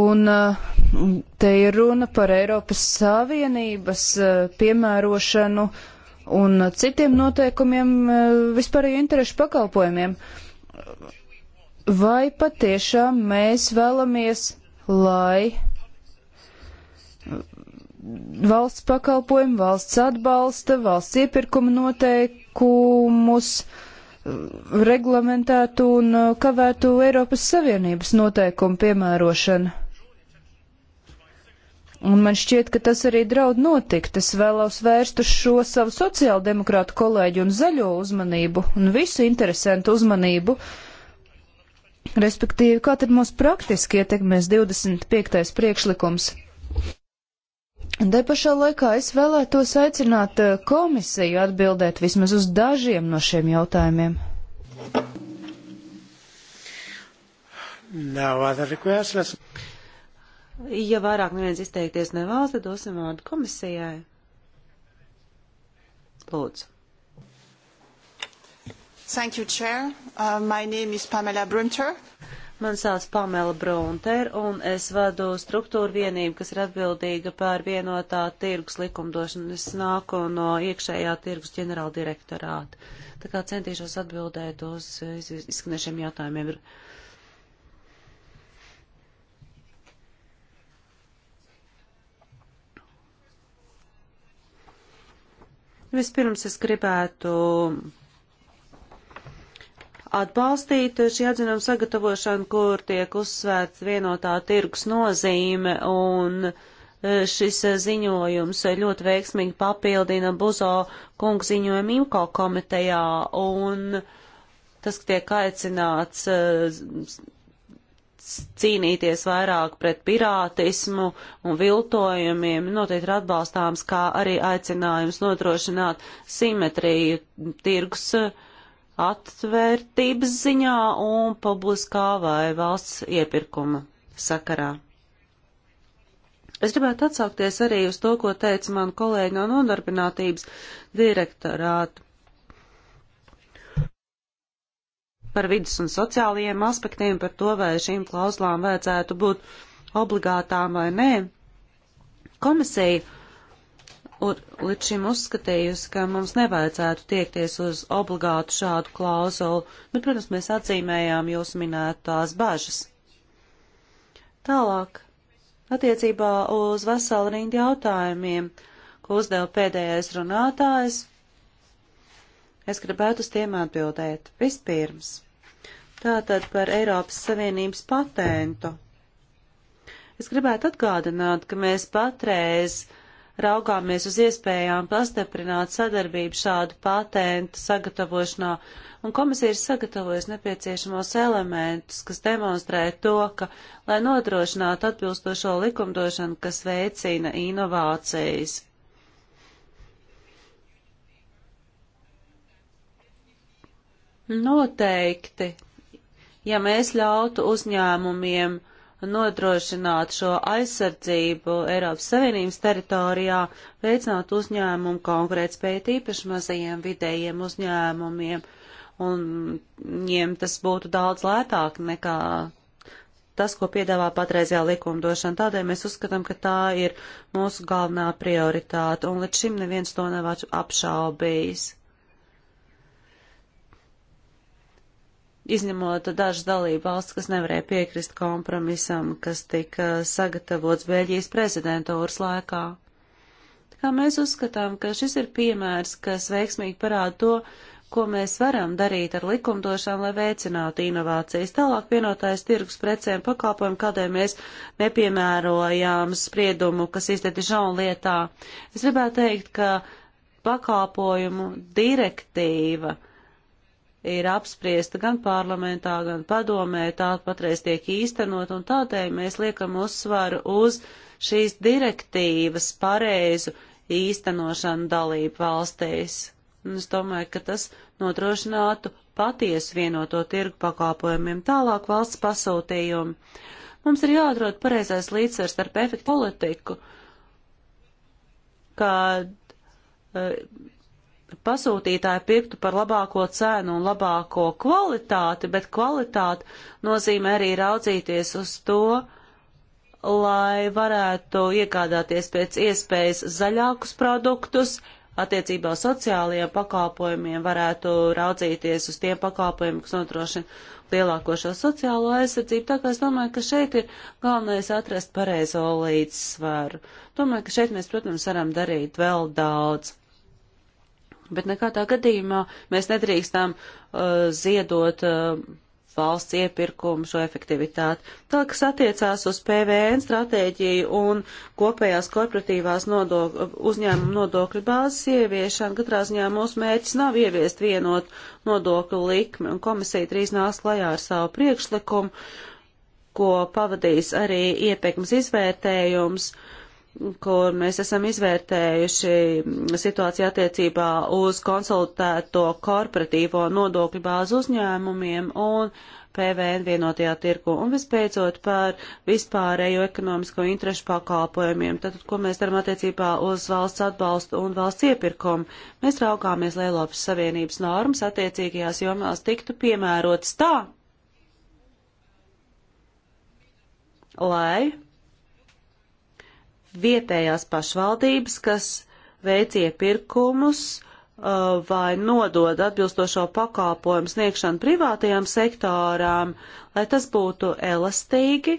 Un uh, te ir runa par Eiropas Savienības uh, piemērošanu un citiem noteikumiem uh, vispārējo interešu pakalpojumiem. Vai patiešām mēs vēlamies, lai valsts pakalpojumu, valsts atbalsta, valsts iepirkuma noteikumus uh, reglamentētu un uh, kavētu Eiropas Savienības noteikumu piemērošanu. Un man šķiet, ka tas arī draud notikt. Es vēlos vērst uz šo savu sociāldemokrātu kolēģu un zaļo uzmanību un visu interesantu uzmanību. Respektīvi, kā tad mūs praktiski ietekmēs 25. priekšlikums? Un te pašā laikā es vēlētos aicināt eh, komisiju atbildēt vismaz uz dažiem no šiem jautājumiem. Ja vairāk neviens izteikties nevēlas, tad dosim vārdu komisijai. Lūdzu. Thank you, Chair. Uh, my name is Pamela Brunter. Man sāc Pamela Brunter, un es vadu struktūru vienību, kas ir atbildīga par vienotā tirgus likumdošanu. Es nāku no iekšējā tirgus ģenerāla direktorāta. Tā kā centīšos atbildēt uz izskanēšiem jautājumiem. Vispirms es gribētu atbalstīt šī atzinuma sagatavošanu, kur tiek uzsvērts vienotā tirgus nozīme un e, šis e, ziņojums ļoti veiksmīgi papildina Buzo kungu ziņojumu IMKO komitejā un tas, ka tiek aicināts e, cīnīties vairāk pret pirātismu un viltojumiem, noteikti ir atbalstāms, kā arī aicinājums nodrošināt simetriju tirgus uh, atvērtības ziņā un publiskā vai valsts iepirkuma sakarā. Es gribētu atsaukties arī uz to, ko teica man kolēģi no nodarbinātības direktorāta par vidus un sociālajiem aspektiem, par to, vai šīm klauzulām vajadzētu būt obligātām vai nē. Komisija un līdz šim uzskatījusi, ka mums nevajadzētu tiekties uz obligātu šādu klauzulu, bet, protams, mēs atzīmējām jūs minētās bažas. Tālāk, attiecībā uz veselu rindu jautājumiem, ko uzdeva pēdējais runātājs, es gribētu uz tiem atbildēt. Vispirms, tātad par Eiropas Savienības patentu. Es gribētu atgādināt, ka mēs patreiz uh, raugāmies uz iespējām pastiprināt sadarbību šādu patentu sagatavošanā, un komisija ir sagatavojusi nepieciešamos elementus, kas demonstrē to, ka, lai nodrošinātu atbilstošo likumdošanu, kas veicina inovācijas. Noteikti, ja mēs ļautu uzņēmumiem uh, nodrošināt šo aizsardzību Eiropas Savienības teritorijā, veicināt uzņēmumu konkurētspēju tīpaši mazajiem vidējiem uzņēmumiem, un viņiem tas būtu daudz lētāk nekā tas, ko piedāvā patreizajā likumdošana. Tādēļ mēs uzskatām, ka tā ir mūsu galvenā prioritāte, un līdz šim neviens to nav apšaubījis. izņemot dažas dalību valsts, kas nevarēja piekrist kompromisam, kas tika sagatavots Beļģijas prezidentūras laikā. Tā kā mēs uzskatām, ka šis ir piemērs, kas veiksmīgi parāda to, ko mēs varam darīt ar likumdošanu, lai veicinātu inovācijas. Tālāk vienotais tirgus precēm pakalpojumu, kādēļ mēs nepiemērojām spriedumu, kas izteikti žaun lietā. Es gribētu teikt, ka pakalpojumu direktīva uh, ir apspriesta gan parlamentā, gan padomē, tā patreiz tiek īstenot, un tādēļ mēs liekam uzsvaru uz šīs direktīvas pareizu īstenošanu dalību valstīs. Un es domāju, ka tas nodrošinātu patiesu vienoto tirgu pakāpojumiem tālāk valsts pasūtījumu. Mums ir jāatrod pareizais līdzsvars starp efektu politiku, kad uh, pasūtītāji pirktu par labāko cenu un labāko kvalitāti, bet kvalitāte nozīmē arī raudzīties uz to, lai varētu iegādāties pēc iespējas zaļākus produktus, attiecībā uz sociālajiem pakalpojumiem varētu raudzīties uz tiem pakalpojumiem, kas nodrošina lielāko šo sociālo aizsardzību. Tā kā es domāju, ka šeit ir galvenais atrast pareizo līdzsvaru. Domāju, ka šeit mēs, protams, varam darīt vēl daudz. Bet nekādā gadījumā mēs nedrīkstam uh, ziedot uh, valsts iepirkumu šo efektivitāti. Tā, kas attiecās uz PVN stratēģiju un kopējās korporatīvās nodok uzņēmuma nodokļu bāzes ieviešanu, katrā ziņā mūsu mērķis nav ieviest vienot nodokļu likmi, un komisija trīs nāks klajā ar savu priekšlikumu, ko pavadīs arī iepirkums izvērtējums. Uh, kur mēs esam izvērtējuši situāciju attiecībā uz konsultēto korporatīvo nodokļu bāzu uzņēmumiem un PVN vienotajā tirku un vispēcot par vispārējo ekonomisko interešu pakalpojumiem. Tātad, ko mēs darām attiecībā uz valsts atbalstu un valsts iepirkumu? Mēs raugāmies, lai Eiropas Savienības normas attiecīgajās jomās tiktu piemērotas tā, lai vietējās pašvaldības, kas veic iepirkumus uh, vai nodod atbilstošo pakalpojumu sniegšanu privātajām sektorām, lai tas būtu elastīgi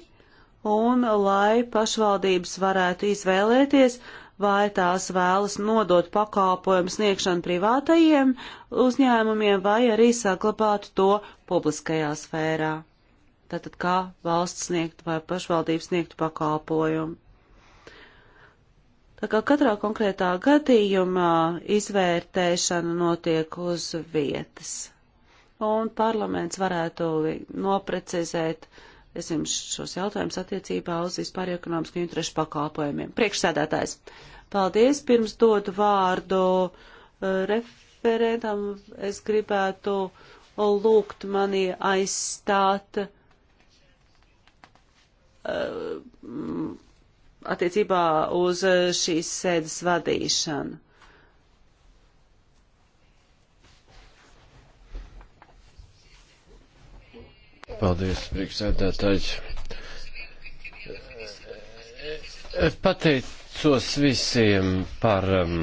un lai pašvaldības varētu izvēlēties, vai tās vēlas nodot pakalpojumu sniegšanu privātajiem uzņēmumiem vai arī saglabāt to publiskajā sfērā. Tātad kā valsts sniegt vai pašvaldības sniegt pakalpojumu. Tā kā katrā konkrētā gadījumā izvērtēšana notiek uz vietas. Un parlaments varētu noprecizēt es jums šos jautājumus attiecībā uz vispār ekonomisko interešu pakalpojumiem. Priekšsēdētājs, paldies. Pirms dodu vārdu uh, referentam, es gribētu lūgt mani aizstāt uh, attiecībā uz eh, šīs sēdes vadīšanu. Paldies, priekšsēdētājs. Pateicos visiem par um,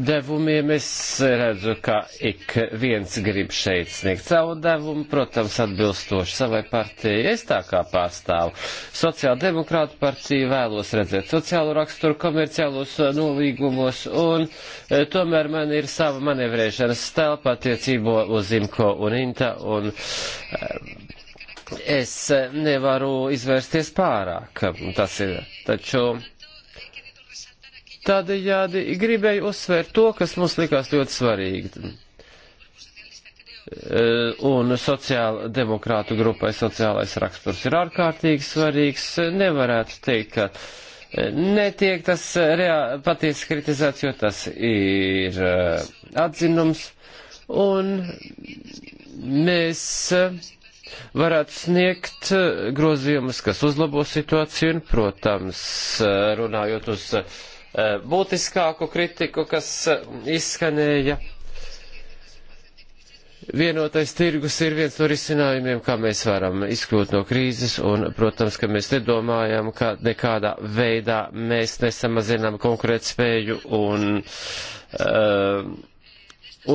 devumiem es redzu, ka ik viens grib šeit sniegt savu devumu, protams, atbilstoši savai partijai. Es tā kā pārstāvu sociāldemokrātu partiju, vēlos redzēt sociālo raksturu komerciālos nolīgumos, un e, tomēr man ir sava manevrēšanas stelpa attiecībā uz Imko un Inta, un e, es nevaru izvērsties pārāk. Tas ir taču. Tādējādi gribēju uzsvērt to, kas mums likās ļoti svarīgi. Eh, un sociāla demokrātu grupai sociālais raksturs ir ārkārtīgi svarīgs. Nevarētu teikt, ka eh, netiek tas reāli patiesi kritizēts, jo tas ir eh, atzinums, un mēs varētu sniegt grozījumus, kas uzlabo situāciju, un, protams, runājot uz Eh, būtiskāku kritiku, kas eh, izskanēja. Vienotais tirgus ir viens no risinājumiem, kā mēs varam izkļūt no krīzes, un, protams, ka mēs nedomājam, ka nekādā veidā mēs nesamazinām konkurētspēju un uh,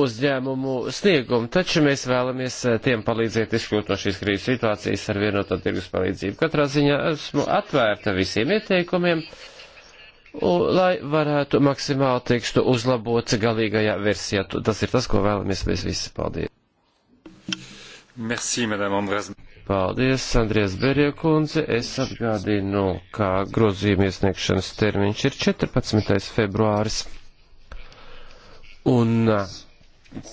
uzņēmumu sniegumu, taču mēs vēlamies tiem palīdzēt izkļūt no šīs krīzes situācijas ar vienotā tirgus palīdzību. Katrā ziņā esmu atvērta visiem ieteikumiem. Uh, un, lai varētu maksimāli tekstu uzlabot galīgajā versijā. Tas ir tas, ko vēlamies mēs visi. Paldies! Merci, Madame Andrēs. Paldies, Andrēs Berjekundze. Es atgādinu, ka grozījuma iesniegšanas termiņš ir 14. februāris. Un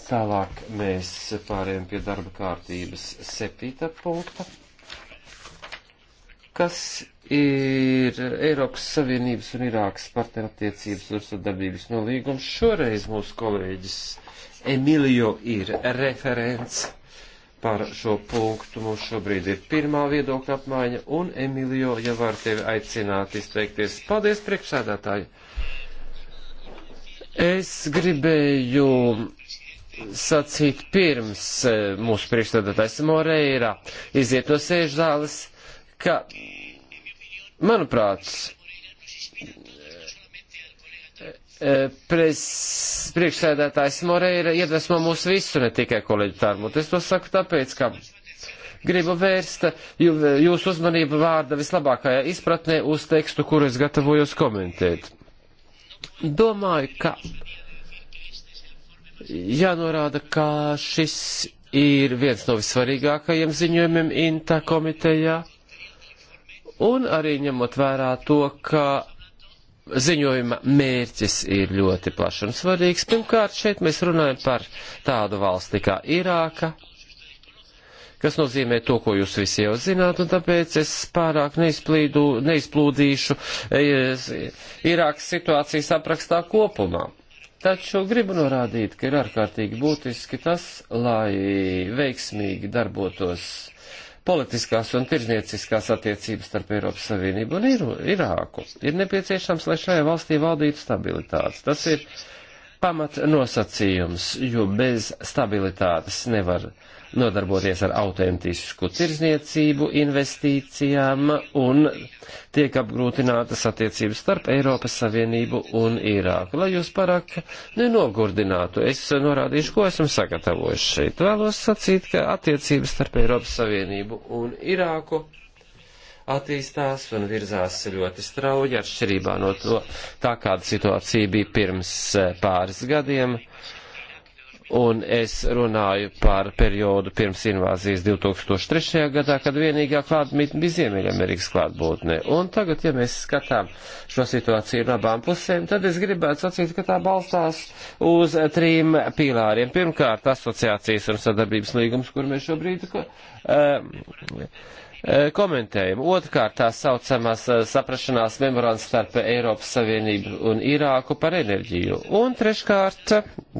tālāk mēs pārējām pie darba kārtības 7. punkta, kas ir Eiropas Savienības un Irākas partnerattiecības un sadarbības nolīgums. Šoreiz mūsu kolēģis Emilio ir referents par šo punktu. Mums šobrīd ir pirmā viedokļa apmaiņa, un Emilio, ja var tevi aicināt izteikties. Paldies, priekšsēdētāji! Es gribēju sacīt pirms eh, mūsu priekšsēdētājs Moreira iziet no sēžzāles, ka Manuprāt, e, pres, priekšsēdētājs Moreira iedvesmo mūs visu, ne tikai kolēģi Tārmut. Es to saku tāpēc, ka gribu vērst jūsu uzmanību vārda vislabākajā izpratnē uz tekstu, kuru es gatavojos komentēt. Domāju, ka jānorāda, ka šis ir viens no vissvarīgākajiem ziņojumiem INTA komitejā un arī ņemot vērā to, ka ziņojuma mērķis ir ļoti plašs un svarīgs. Pirmkārt, šeit mēs runājam par tādu valsti kā Irāka, kas nozīmē to, ko jūs visi jau zināt, un tāpēc es pārāk neizplīdu, neizplūdīšu eh, Irākas situācijas aprakstā kopumā. Taču gribu norādīt, ka ir ārkārtīgi būtiski tas, lai veiksmīgi darbotos politiskās un tirzniecīskās attiecības starp Eiropas Savienību un Irāku. Ir nepieciešams, lai šajā valstī valdītu stabilitātes. Tas ir pamat nosacījums, jo bez stabilitātes nevar uh, nodarboties ar autentisku tirzniecību, investīcijām un tiek apgrūtinātas attiecības starp Eiropas Savienību un Irāku. Lai jūs parāk nenogurdinātu, es norādīšu, ko esam sagatavojuši šeit. Vēlos sacīt, ka attiecības starp Eiropas Savienību un Irāku attīstās un virzās ļoti strauji atšķirībā no to, tā kāda situācija bija pirms eh, pāris gadiem. Uh, un es runāju par periodu pirms invāzijas 2003. gadā, kad vienīgā klātbūtne bija Ziemeļamerikas klātbūtne. Un tagad, ja mēs skatām šo situāciju no abām pusēm, tad es gribētu sacīt, ka tā balstās uz trim pīlāriem. Pirmkārt, asociācijas un sadarbības līgums, kur mēs šobrīd. Uh, Eh, komentējumu. Otrkārt, tā saucamās eh, saprašanās memorands starp Eiropas Savienību un Irāku par enerģiju. Un treškārt,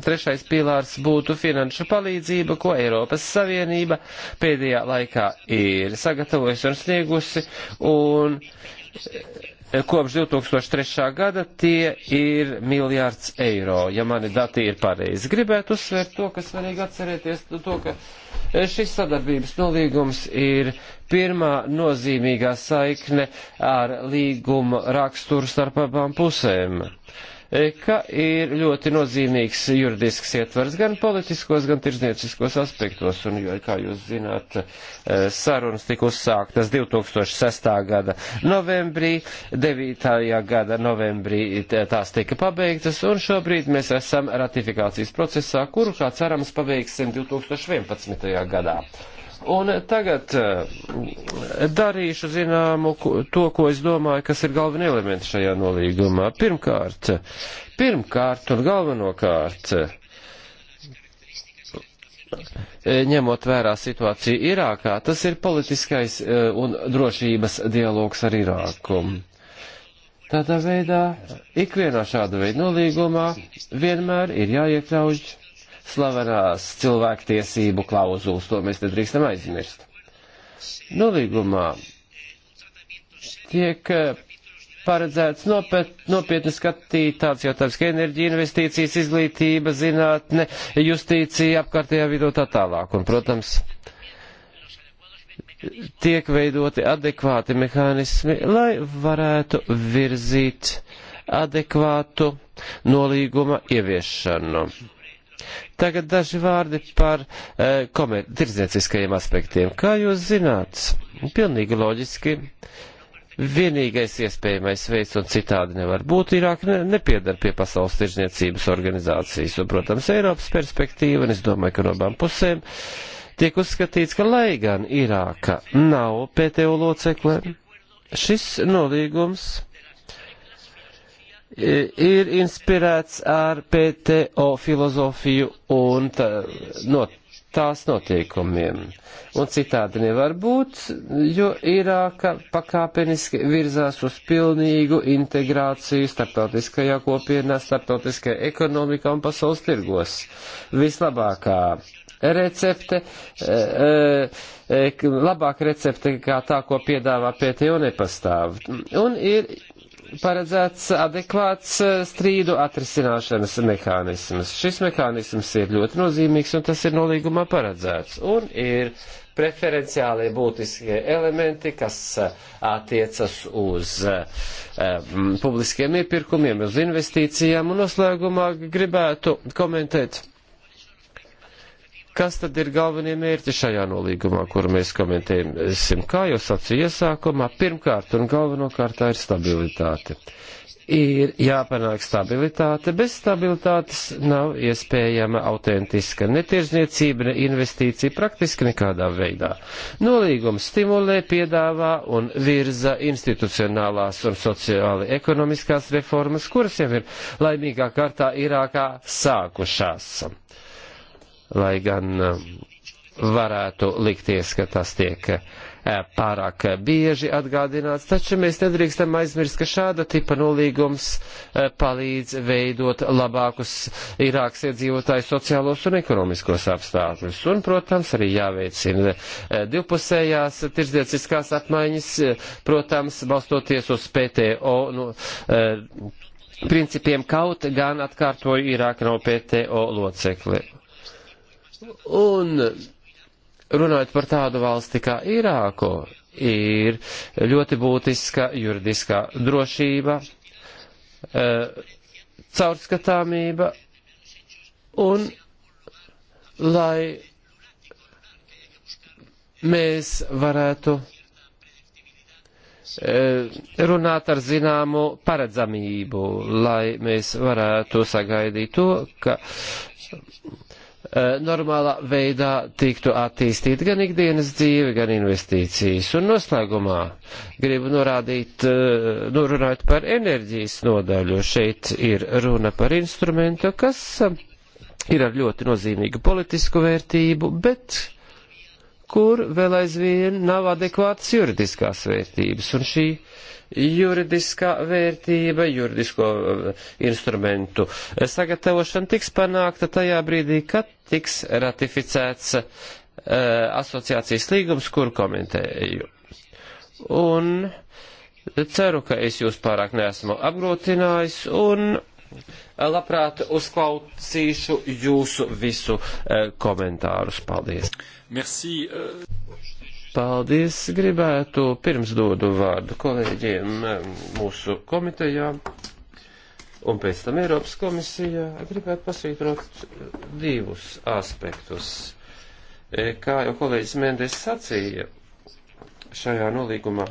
trešais pilārs būtu finanšu palīdzība, ko Eiropas Savienība pēdējā laikā ir sagatavojusi un sniegusi. Un eh, Eh, kopš 2003. gada tie ir miljārds eiro, ja mani dati ir pareizi. Gribētu uzsvērt to, ka svarīgi atcerēties to, ka eh, šis sadarbības nolīgums ir pirmā nozīmīgā saikne ar līguma raksturu starp abām pusēm. Uh, E, ka ir ļoti nozīmīgs juridisks ietvers gan politiskos, gan tirdzniecīskos aspektos, un, jo, kā jūs zināt, e, sarunas tika uzsāktas 2006. gada novembrī, 9. gada novembrī tās tika pabeigtas, un šobrīd mēs esam ratifikācijas procesā, kuru, kā cerams, pabeigsim 2011. gadā. Un tagad eh, darīšu zināmu to, ko es domāju, kas ir galveni elementi šajā nolīgumā. Pirmkārt, pirmkārt un galvenokārt, eh, ņemot vērā situāciju Irākā, tas ir politiskais eh, un drošības dialogs ar Irāku. Tādā veidā, ikvienā šāda veida nolīgumā vienmēr ir jāiekļauj slavenās cilvēktiesību klauzulas, to mēs nedrīkstam aizmirst. Nolīgumā tiek eh, paredzēts nopiet, nopietni skatīt tāds jautājums, kā enerģija, investīcijas, izglītība, zinātne, justīcija, apkārtējā vidū tā tālāk. Un, protams, tiek veidoti adekvāti mehānismi, lai varētu virzīt adekvātu nolīguma ieviešanu. Tagad daži vārdi par e, komer, tirdzniecīskajiem aspektiem. Kā jūs zināt, pilnīgi loģiski, vienīgais iespējamais veids un citādi nevar būt, Irāk ne, nepiedar pie pasaules tirdzniecības organizācijas un, protams, Eiropas perspektīva, un es domāju, ka no abām pusēm tiek uzskatīts, ka lai gan Irāka nav PTO locekle, šis nolīgums E, ir inspirēts ar PTO filozofiju un tā, no, tās noteikumiem. Un citādi nevar būt, jo Irāka pakāpeniski virzās uz pilnīgu integrāciju starptautiskajā kopienā, starptautiskajā ekonomikā un pasaules tirgos. Vislabākā recepte, e, e, e labāka recepte kā tā, ko piedāvā PTO nepastāv. Un ir paredzēts adekvāts eh, strīdu atrisināšanas mehānisms. Šis mehānisms ir ļoti nozīmīgs un tas ir nolīgumā paredzēts. Un ir preferenciālie būtiskie elementi, kas eh, attiecas uz um, publiskiem iepirkumiem, uz investīcijām un noslēgumā gribētu komentēt Kas tad ir galvenie mērķi šajā nolīgumā, kuru mēs komentējam? Kā jau sacīju iesākumā, pirmkārt un galvenokārt tā ir stabilitāte. Ir jāpanāk stabilitāte, bez stabilitātes nav iespējama autentiska netirzniecība, ne investīcija praktiski nekādā veidā. Nolīgums stimulē, piedāvā un virza institucionālās un sociāli ekonomiskās reformas, kuras jau ir laimīgā kārtā Irākā sākušās lai gan eh, varētu likties, ka tas tiek eh, pārāk bieži atgādināts, taču mēs nedrīkstam aizmirst, ka šāda tipa nolīgums eh, palīdz veidot labākus Irākas iedzīvotāju sociālos un ekonomiskos apstākļus. Un, protams, arī jāveicina divpusējās tirdzniecības apmaiņas, protams, balstoties uz PTO. Nu, principiem kaut gan atkārtoju, Irāka nav PTO locekli. Un runājot par tādu valsti kā Irāku, ir ļoti būtiska juridiskā drošība, eh, caurskatāmība un lai mēs varētu eh, runāt ar zināmu paredzamību, lai mēs varētu sagaidīt to, ka Eh, normālā veidā tiktu attīstīta gan ikdienas dzīve, gan investīcijas. Un noslēgumā gribu norādīt, eh, norunāt par enerģijas nodaļu. Šeit ir runa par instrumentu, kas ir ar ļoti nozīmīgu politisku vērtību, bet kur vēl aizvien nav adekvātas juridiskās vērtības. Un šī juridiskā vērtība, juridisko eh, instrumentu eh, sagatavošana tiks panākta tajā brīdī, kad tiks ratificēts uh, asociācijas līgums, kur komentēju. Un ceru, ka es jūs pārāk neesmu apgrotinājis un labprāt uzklausīšu jūsu visu e, komentārus. Paldies! Merci. E. Paldies! Gribētu pirms dodu vārdu kolēģiem e, mūsu komitejā un pēc tam Eiropas komisijā. Gribētu pasvītrot divus aspektus. Kā jau kolēģis Mendes sacīja, šajā nolīgumā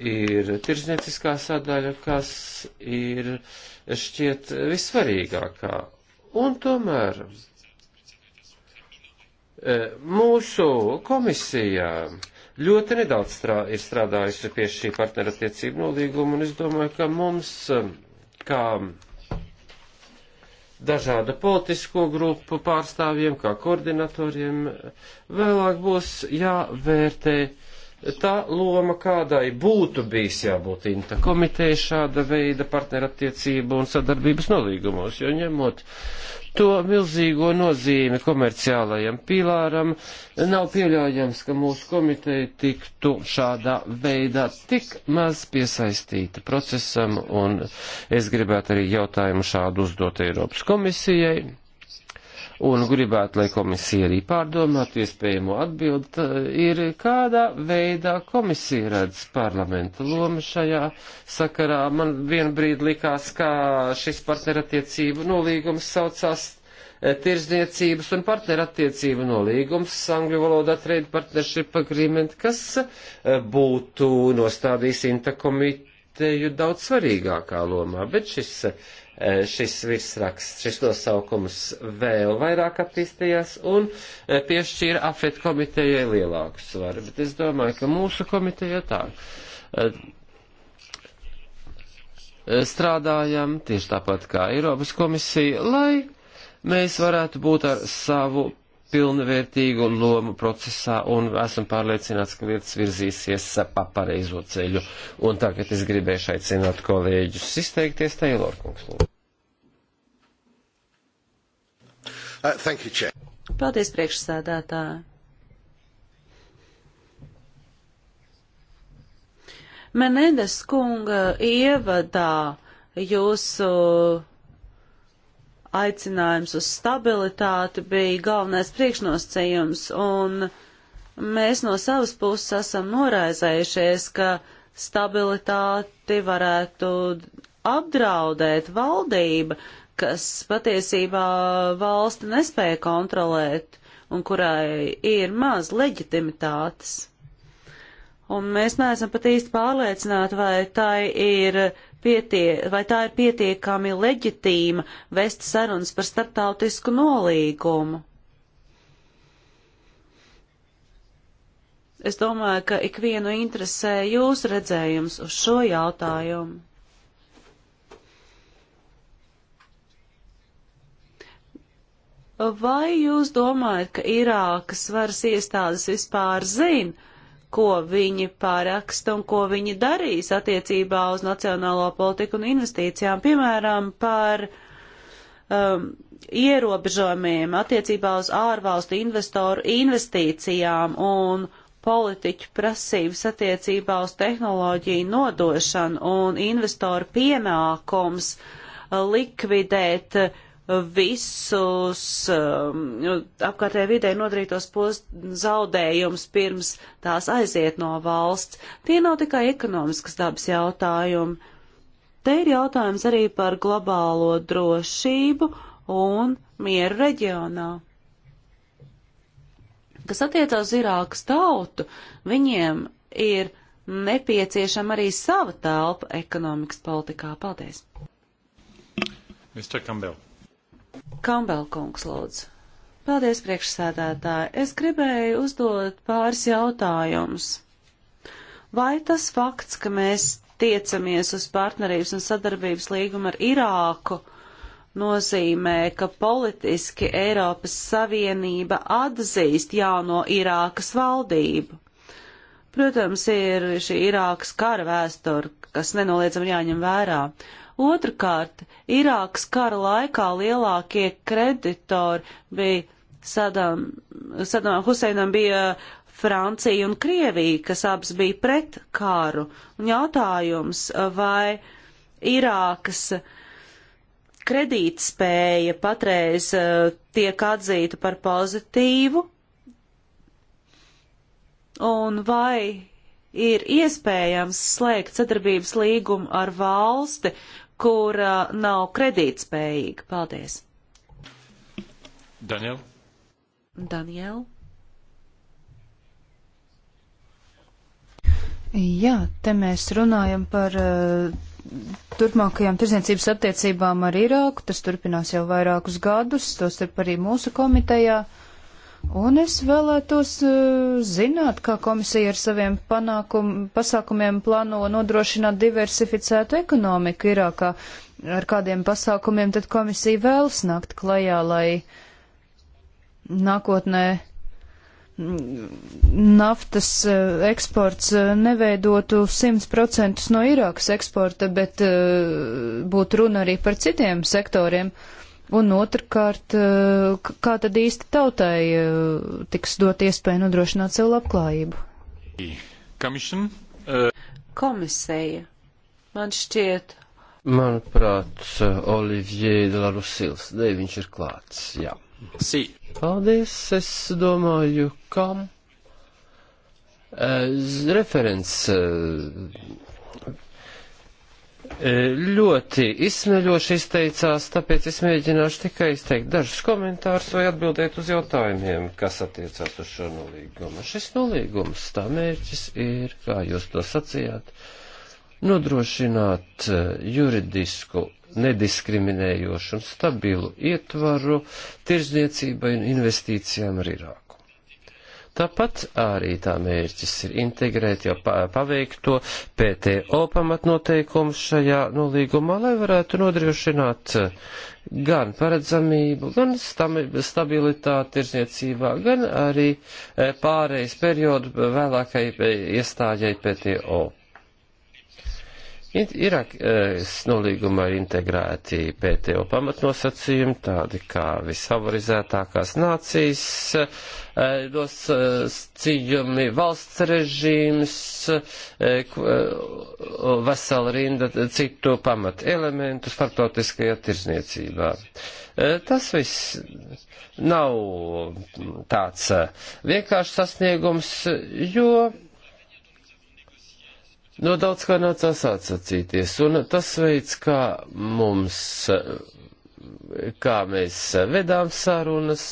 ir tirznieciskā sadaļa, kas ir uh, šķiet visvarīgākā. Un tomēr e, mūsu komisijā ļoti nedaudz strā, ir strādājusi pie šī partnerattiecību nolīguma, un es domāju, ka mums, kā dažādu politisko grupu pārstāvjiem, kā koordinatoriem, vēlāk būs jāvērtē tā loma, kādai būtu bijis jābūt Inta komiteja šāda veida partnerattiecību un sadarbības nolīgumos, jo ņemot to milzīgo nozīmi komerciālajam pīlāram, nav pieļaujams, ka mūsu komiteja tiktu šādā veidā tik maz piesaistīta procesam, un es gribētu arī jautājumu šādu uzdot Eiropas komisijai un gribētu, lai komisija arī pārdomātu iespējamo atbildi, ir kādā veidā komisija redz parlamenta lomu šajā sakarā. Man vienbrīd likās, ka šis partnerattiecību nolīgums saucās e, tirzniecības un partnerattiecību nolīgums, angļu valodā trade partnership agreement, kas e, būtu nostādījis Inta komiteju daudz svarīgākā lomā, bet šis e, Eh, šis virsraksts, šis nosaukums vēl vairāk attīstījās un eh, piešķīra afet komitejai lielāku svaru. Bet es domāju, ka mūsu komiteja tā eh, strādājam tieši tāpat kā Eiropas komisija, lai mēs varētu būt ar savu pilnvērtīgu lomu procesā un esam pārliecināts, ka lietas virzīsies pa pareizo ceļu. Un tagad es gribēšu aicināt kolēģus izteikties Teilor kungs. Uh, thank you, Chair. Paldies, priekšsēdētāji. Menendes kunga ievadā jūsu uh, aicinājums uz stabilitāti bija galvenais priekšnosacījums, un mēs no savas puses esam noraizējušies, ka stabilitāti varētu apdraudēt valdība, kas patiesībā valsti nespēja kontrolēt un kurai ir maz leģitimitātes. Un mēs neesam pat īsti pārliecināti, vai tai ir uh, Pietie, vai tā ir pietiekami leģitīma vest sarunas par starptautisku nolīgumu? Es domāju, ka ikvienu interesē jūs redzējums uz šo jautājumu. Vai jūs domājat, ka Irākas varas iestādes vispār zina, ko viņi pāraksta un ko viņi darīs attiecībā uz nacionālo politiku un investīcijām, piemēram, par um, ierobežojumiem attiecībā uz ārvalstu investoru investīcijām un politiķu prasības attiecībā uz tehnoloģiju nodošanu un investoru pienākums likvidēt uh, visus um, apkārtē vidē nodarītos post zaudējums pirms tās aiziet no valsts. Tie nav tikai ekonomiskas dabas jautājumi. Te ir jautājums arī par globālo drošību un mieru reģionā. Kas attiecās Irākas tautu, viņiem ir nepieciešama arī sava telpa ekonomikas politikā. Paldies! Mr. Campbell. Kambelkungs, lūdzu. Paldies, priekšsēdētāji. Es gribēju uzdot pāris jautājumus. Vai tas fakts, ka mēs tiecamies uz partnerības un sadarbības līgumu ar Irāku, nozīmē, ka politiski Eiropas Savienība atzīst jauno Irākas valdību. Protams, ir šī Irākas kara vēsture, kas nenoliedzami jāņem vērā. Otrakārt, Irākas kara laikā lielākie kreditori bija Sadam, Sadam Huseinam bija Francija un Krievija, kas abas bija pret kāru. Un jautājums, vai Irākas kredītspēja patreiz eh, tiek atzīta par pozitīvu un vai ir iespējams slēgt sadarbības līgumu ar valsti, kura uh, nav kredītspējīga? Paldies! Daniel? Daniel? Jā, te mēs runājam par uh, turpmākajām tirzniecības attiecībām ar Irāku. Tas turpinās jau vairākus gadus, tos starp arī mūsu komitejā. Uh, Un es vēlētos eh, zināt, kā komisija ar saviem panākum, pasākumiem plāno nodrošināt diversificētu ekonomiku Irākā. Ar kādiem pasākumiem tad komisija vēlas nākt klajā, lai nākotnē mm, naftas eh, eksports eh, neveidotu 100% no Irākas eksporta, bet būtu runa arī par citiem sektoriem. Uh, Un otrkārt, kā tad īsti tautai eh, tiks dot iespēju nodrošināt sev labklājību? Commission, uh... Eh, Komisēja. Man šķiet. Manuprāt, Olivier de la Rusils, ne, viņš ir klāts, jā. Sī. Paldies, es domāju, kam. Uh, eh, referents. Uh, E, ļoti izsmeļoši izteicās, tāpēc es mēģināšu tikai izteikt dažus komentārus vai atbildēt uz jautājumiem, kas attiecās uz šo nolīgumu. Šis nolīgums, tā mērķis ir, kā jūs to sacījāt, nodrošināt e, juridisku nediskriminējošu un stabilu ietvaru tirzniecībai un investīcijām ar Irāku. Tāpat arī tā mērķis ir integrēt jau paveikto PTO pamatnoteikumu šajā nolīgumā, lai varētu nodrošināt gan paredzamību, gan stabilitāti tirzniecībā, gan arī eh, pārejas periodu vēlākai iestājai PTO. Irākas uh, nolīgumā ir integrēti PTO pamatnosacījumi, tādi kā visfavorizētākās nācijas, uh, nosacījumi valsts režīms, uh, vesela rinda citu pamat elementu starptautiskajā tirzniecībā. Tas viss nav tāds vienkāršs sasniegums, jo No daudz kā nācās atsacīties, un tas veids, kā mums, kā mēs vedām sarunas,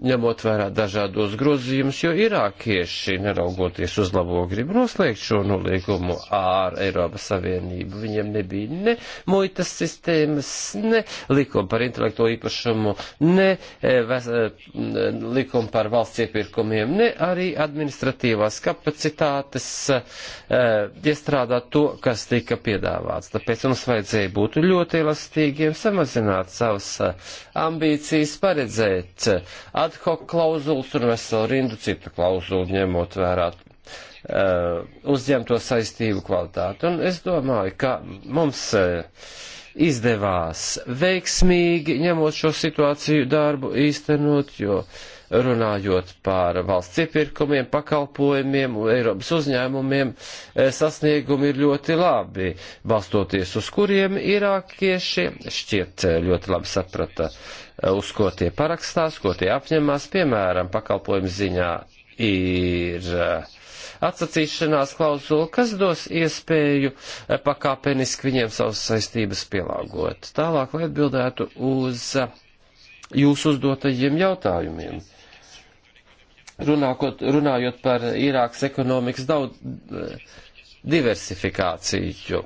ņemot vērā dažādos grozījumus, jo irākieši, neraugoties uz labo gribu noslēgt šo nolīgumu ar Eiropas Savienību, viņiem nebija ne muitas sistēmas, ne likuma par intelekto īpašumu, ne e, ves, e, likuma par valsts iepirkumiem, ne arī administratīvās kapacitātes e, iestrādāt to, kas tika piedāvāts. Tāpēc mums vajadzēja būt ļoti elastīgiem, samazināt savas ambīcijas, paredzēt ad hoc klauzulas un veselu rindu citu klauzulu ņemot vērā uh, uzņemto saistību kvalitāti. Un es domāju, ka mums uh, izdevās veiksmīgi ņemot šo situāciju darbu īstenot, jo runājot par valsts iepirkumiem, pakalpojumiem, Eiropas uzņēmumiem, uh, sasniegumi ir ļoti labi, balstoties uz kuriem irākieši šķiet uh, ļoti labi saprata uh, uz ko tie parakstās, ko tie apņemās, piemēram, pakalpojumu ziņā ir eh, atsacīšanās klauzula, kas dos iespēju eh, pakāpeniski viņiem savas saistības pielāgot. Tālāk, lai atbildētu uz eh, jūsu uzdotajiem jautājumiem. Runākot, runājot par Irākas ekonomikas daudz diversifikāciju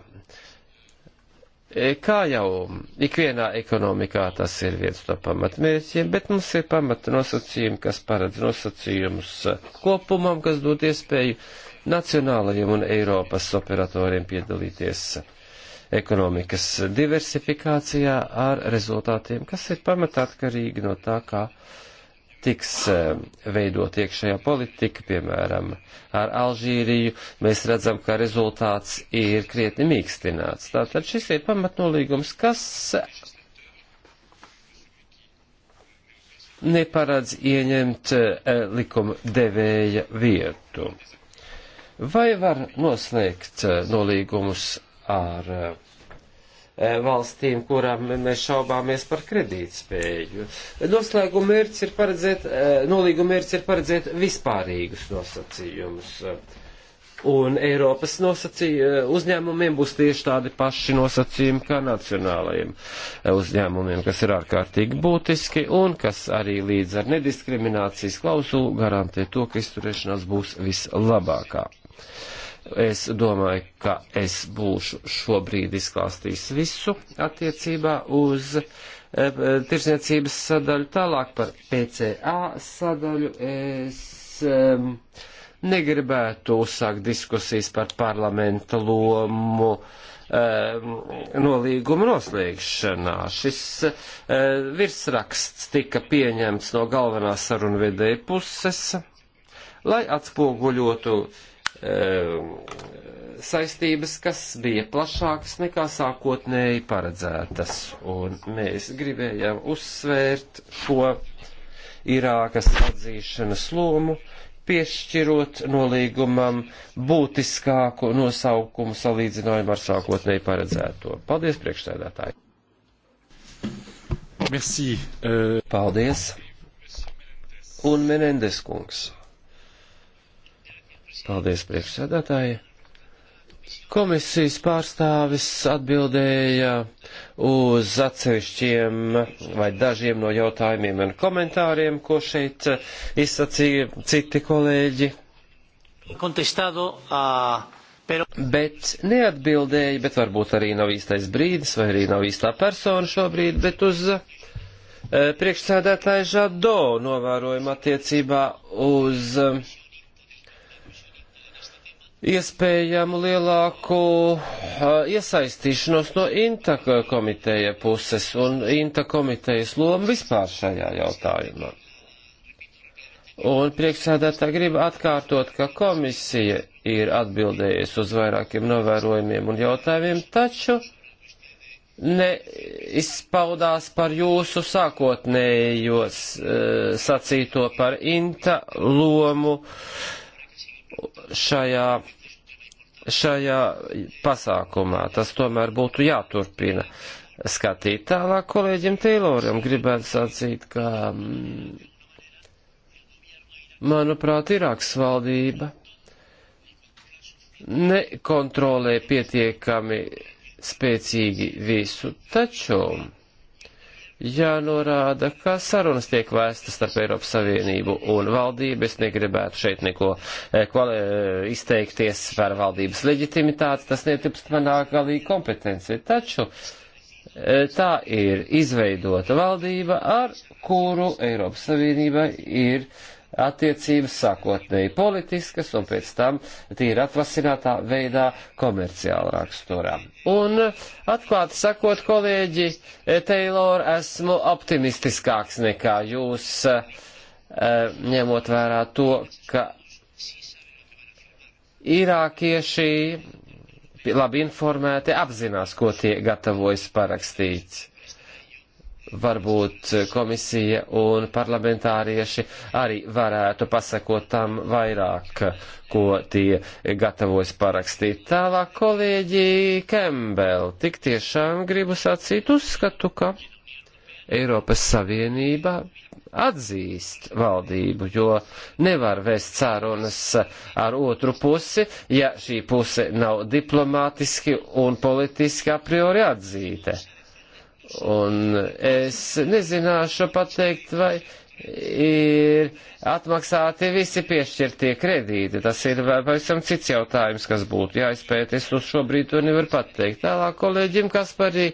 E, kā jau ikvienā ekonomikā tas ir viens no pamatmērķiem, bet mums ir pamata nosacījumi, kas paredz nosacījumus kopumam, kas dod iespēju nacionālajiem un Eiropas operatoriem piedalīties ekonomikas diversifikācijā ar rezultātiem, kas ir pamatā atkarīgi no tā, kā. Ka tiks eh, veidot iekšējā politika, piemēram, ar Alžīriju, mēs redzam, ka rezultāts ir krietni mīkstināts. Tātad šis ir pamatnolīgums, kas neparedz ieņemt eh, likuma devēja vietu. Vai var noslēgt eh, nolīgumus ar E, valstīm, kurām mēs šaubāmies par kredītspēju. Noslēguma mērķis ir paredzēt, e, nolīguma mērķis ir paredzēt vispārīgus nosacījumus. Un Eiropas nosacīja, e, uzņēmumiem būs tieši tādi paši nosacījumi kā nacionālajiem uzņēmumiem, kas ir ārkārtīgi būtiski un kas arī līdz ar nediskriminācijas klauzulu garantē to, ka izturēšanās būs vislabākā. Uh, Es domāju, ka es būšu šobrīd izklāstījis visu attiecībā uz e, tirsniecības sadaļu, tālāk par PCA sadaļu. Es um, negribētu uzsākt diskusijas par parlamenta lomu um, nolīguma noslēgšanā. Šis uh, virsraksts tika pieņemts no galvenās sarunvedēja puses, lai atspoguļotu uh, Ehm, saistības, kas bija plašākas nekā sākotnēji paredzētas. Un mēs gribējām uzsvērt šo Irākas atzīšanas lomu, piešķirot nolīgumam būtiskāko nosaukumu salīdzinājumu ar sākotnēji paredzēto. Paldies, priekšsēdētāji! Merci. Uh... Paldies! Un Menendes kungs. Paldies priekšsēdētāji. Komisijas pārstāvis atbildēja uz atsevišķiem vai dažiem no jautājumiem un komentāriem, ko šeit izsacīja citi kolēģi. Ah, bet neatbildēja, bet varbūt arī nav īstais brīdis, vai arī nav īstā persona šobrīd, bet uz eh, priekšsēdētāja Žado novērojumu attiecībā uz. Uh, iespējamu lielāku iesaistīšanos no INTA komiteja puses un INTA komitejas loma vispār šajā jautājumā. Un priekšsēdētā grib atkārtot, ka komisija ir atbildējusi uz vairākiem novērojumiem un jautājumiem, taču neizpaudās par jūsu sākotnējos sacīto par INTA lomu. Uh, šajā, šajā pasākumā. Tas tomēr būtu jāturpina skatīt tālāk kolēģim Teiloram. Gribētu sacīt, ka, mm, manuprāt, Irāks valdība nekontrolē pietiekami spēcīgi visu, taču jānorāda, ka sarunas tiek vēstas starp Eiropas Savienību un valdību. Es negribētu šeit neko eh, kvali, eh, izteikties par valdības leģitimitāti, tas netilpst manā galīgi kompetenci. Taču eh, tā ir izveidota valdība, ar kuru Eiropas Savienība ir attiecības sākotnēji politiskas un pēc tam tīri atvasinātā veidā komerciāla raksturā. Un atklāti sakot, kolēģi, eh, Taylor, esmu optimistiskāks nekā jūs, eh, ņemot vērā to, ka irākieši labi informēti apzinās, ko tie gatavojas parakstīt varbūt komisija un parlamentārieši arī varētu pasakot tam vairāk, ko tie gatavojas parakstīt. Tālāk kolēģi Kembel, tik tiešām gribu sacīt uzskatu, ka Eiropas Savienība atzīst valdību, jo nevar vēst sārunas ar otru pusi, ja šī puse nav diplomātiski un politiski a priori atzīta. Un es nezināšu pateikt, vai ir atmaksāti visi piešķirtie kredīti. Tas ir pavisam cits jautājums, kas būtu jāizpēt. Es uz šo brīdi to nevaru pateikt. Tālāk kolēģim Kasparī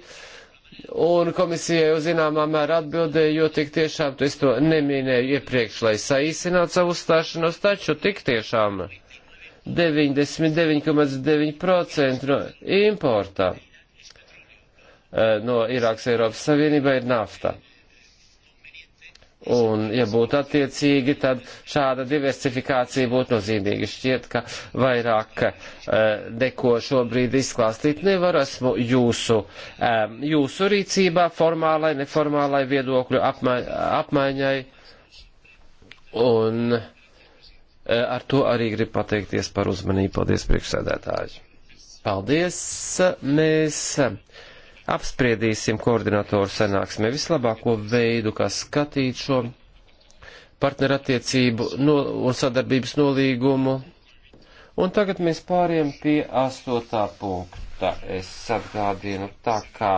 un komisijai uz zināmā mērā atbildēju, jo tik tiešām es to nemīnēju iepriekš, lai saīsinātu savu stāšanos, taču tik tiešām 99,9% no importā Eh, no Irākas Eiropas Savienībā ir nafta. Un, ja būtu attiecīgi, tad šāda diversifikācija būtu nozīmīga. Šķiet, ka vairāk uh, neko šobrīd izklāstīt nevar. Esmu jūsu, um, jūsu rīcībā formālai, neformālai viedokļu apmai, apmaiņai. Un uh, ar to arī gribu pateikties par uzmanību. Paldies, priekšsēdētāji. Paldies. Mēs. Uh, apspriedīsim koordinatoru sanāksmē vislabāko veidu, kā skatīt šo partnerattiecību no, un sadarbības nolīgumu. Un tagad mēs pāriem pie astotā punkta. Es atgādinu, tā kā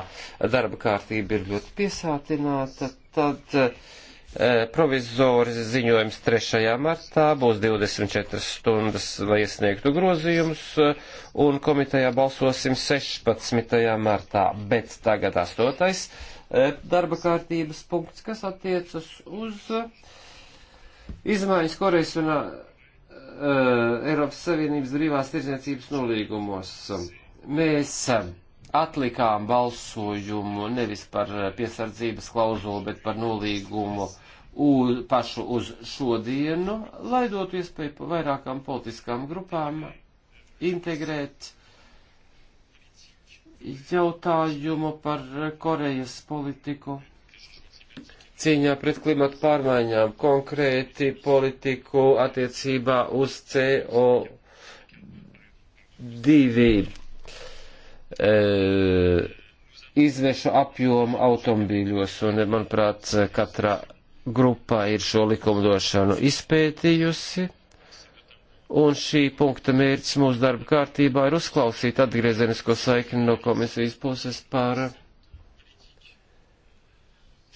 darba kārtība ir ļoti piesātināta, tad uh, Eh, provizori ziņojums 3. martā, būs 24 stundas, lai iesniegtu grozījumus, eh, un komitejā balsosim 16. martā, bet tagad 8. Eh, darba kārtības punkts, kas attiecas uz izmaiņas Korejas un uh, Eiropas Savienības brīvās tirdzniecības nolīgumos. Mēs uh, atlikām balsojumu nevis par eh, piesardzības klauzulu, bet par nolīgumu uz, pašu uz šodienu, lai dotu iespēju vairākām politiskām grupām integrēt jautājumu par Korejas politiku cīņā pret klimatu pārmaiņām, konkrēti politiku attiecībā uz CO2 E, izvešu apjomu automobīļos, un, manuprāt, katrā grupā ir šo likumdošanu izpētījusi. Un šī punkta mērķis mūsu darba kārtībā ir uzklausīt atgriezenisko saikni no komisijas puses par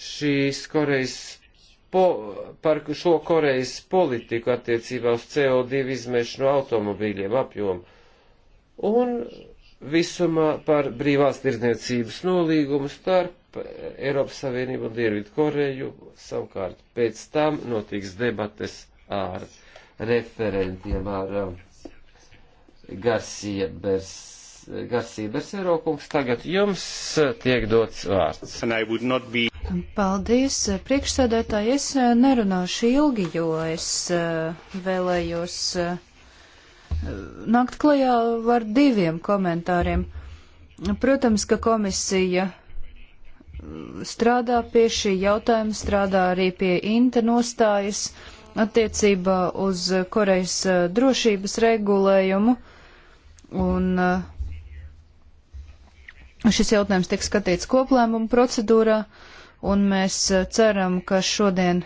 šīs Korejas, po, par šo Korejas politiku attiecībā uz CO2 izmešu no automobīļiem apjomu. Un visumā par brīvās tirdzniecības nolīgumu starp Eiropas Savienību un Dienvidu Koreju. Savukārt pēc tam notiks debates ar referentiem, ar um, Garcia Bers. Garcija Bersero kungs, tagad jums tiek dots vārds. Be... Paldies, priekšsēdētāji, es uh, nerunāšu ilgi, jo es uh, vēlējos uh, nākt klajā ar diviem komentāriem. Protams, ka komisija mm, strādā pie šī jautājuma, strādā arī pie Inta nostājas attiecībā uz Korejas eh, drošības regulējumu, un eh, šis jautājums tiek skatīts koplēmuma procedūrā, un mēs eh, ceram, ka šodien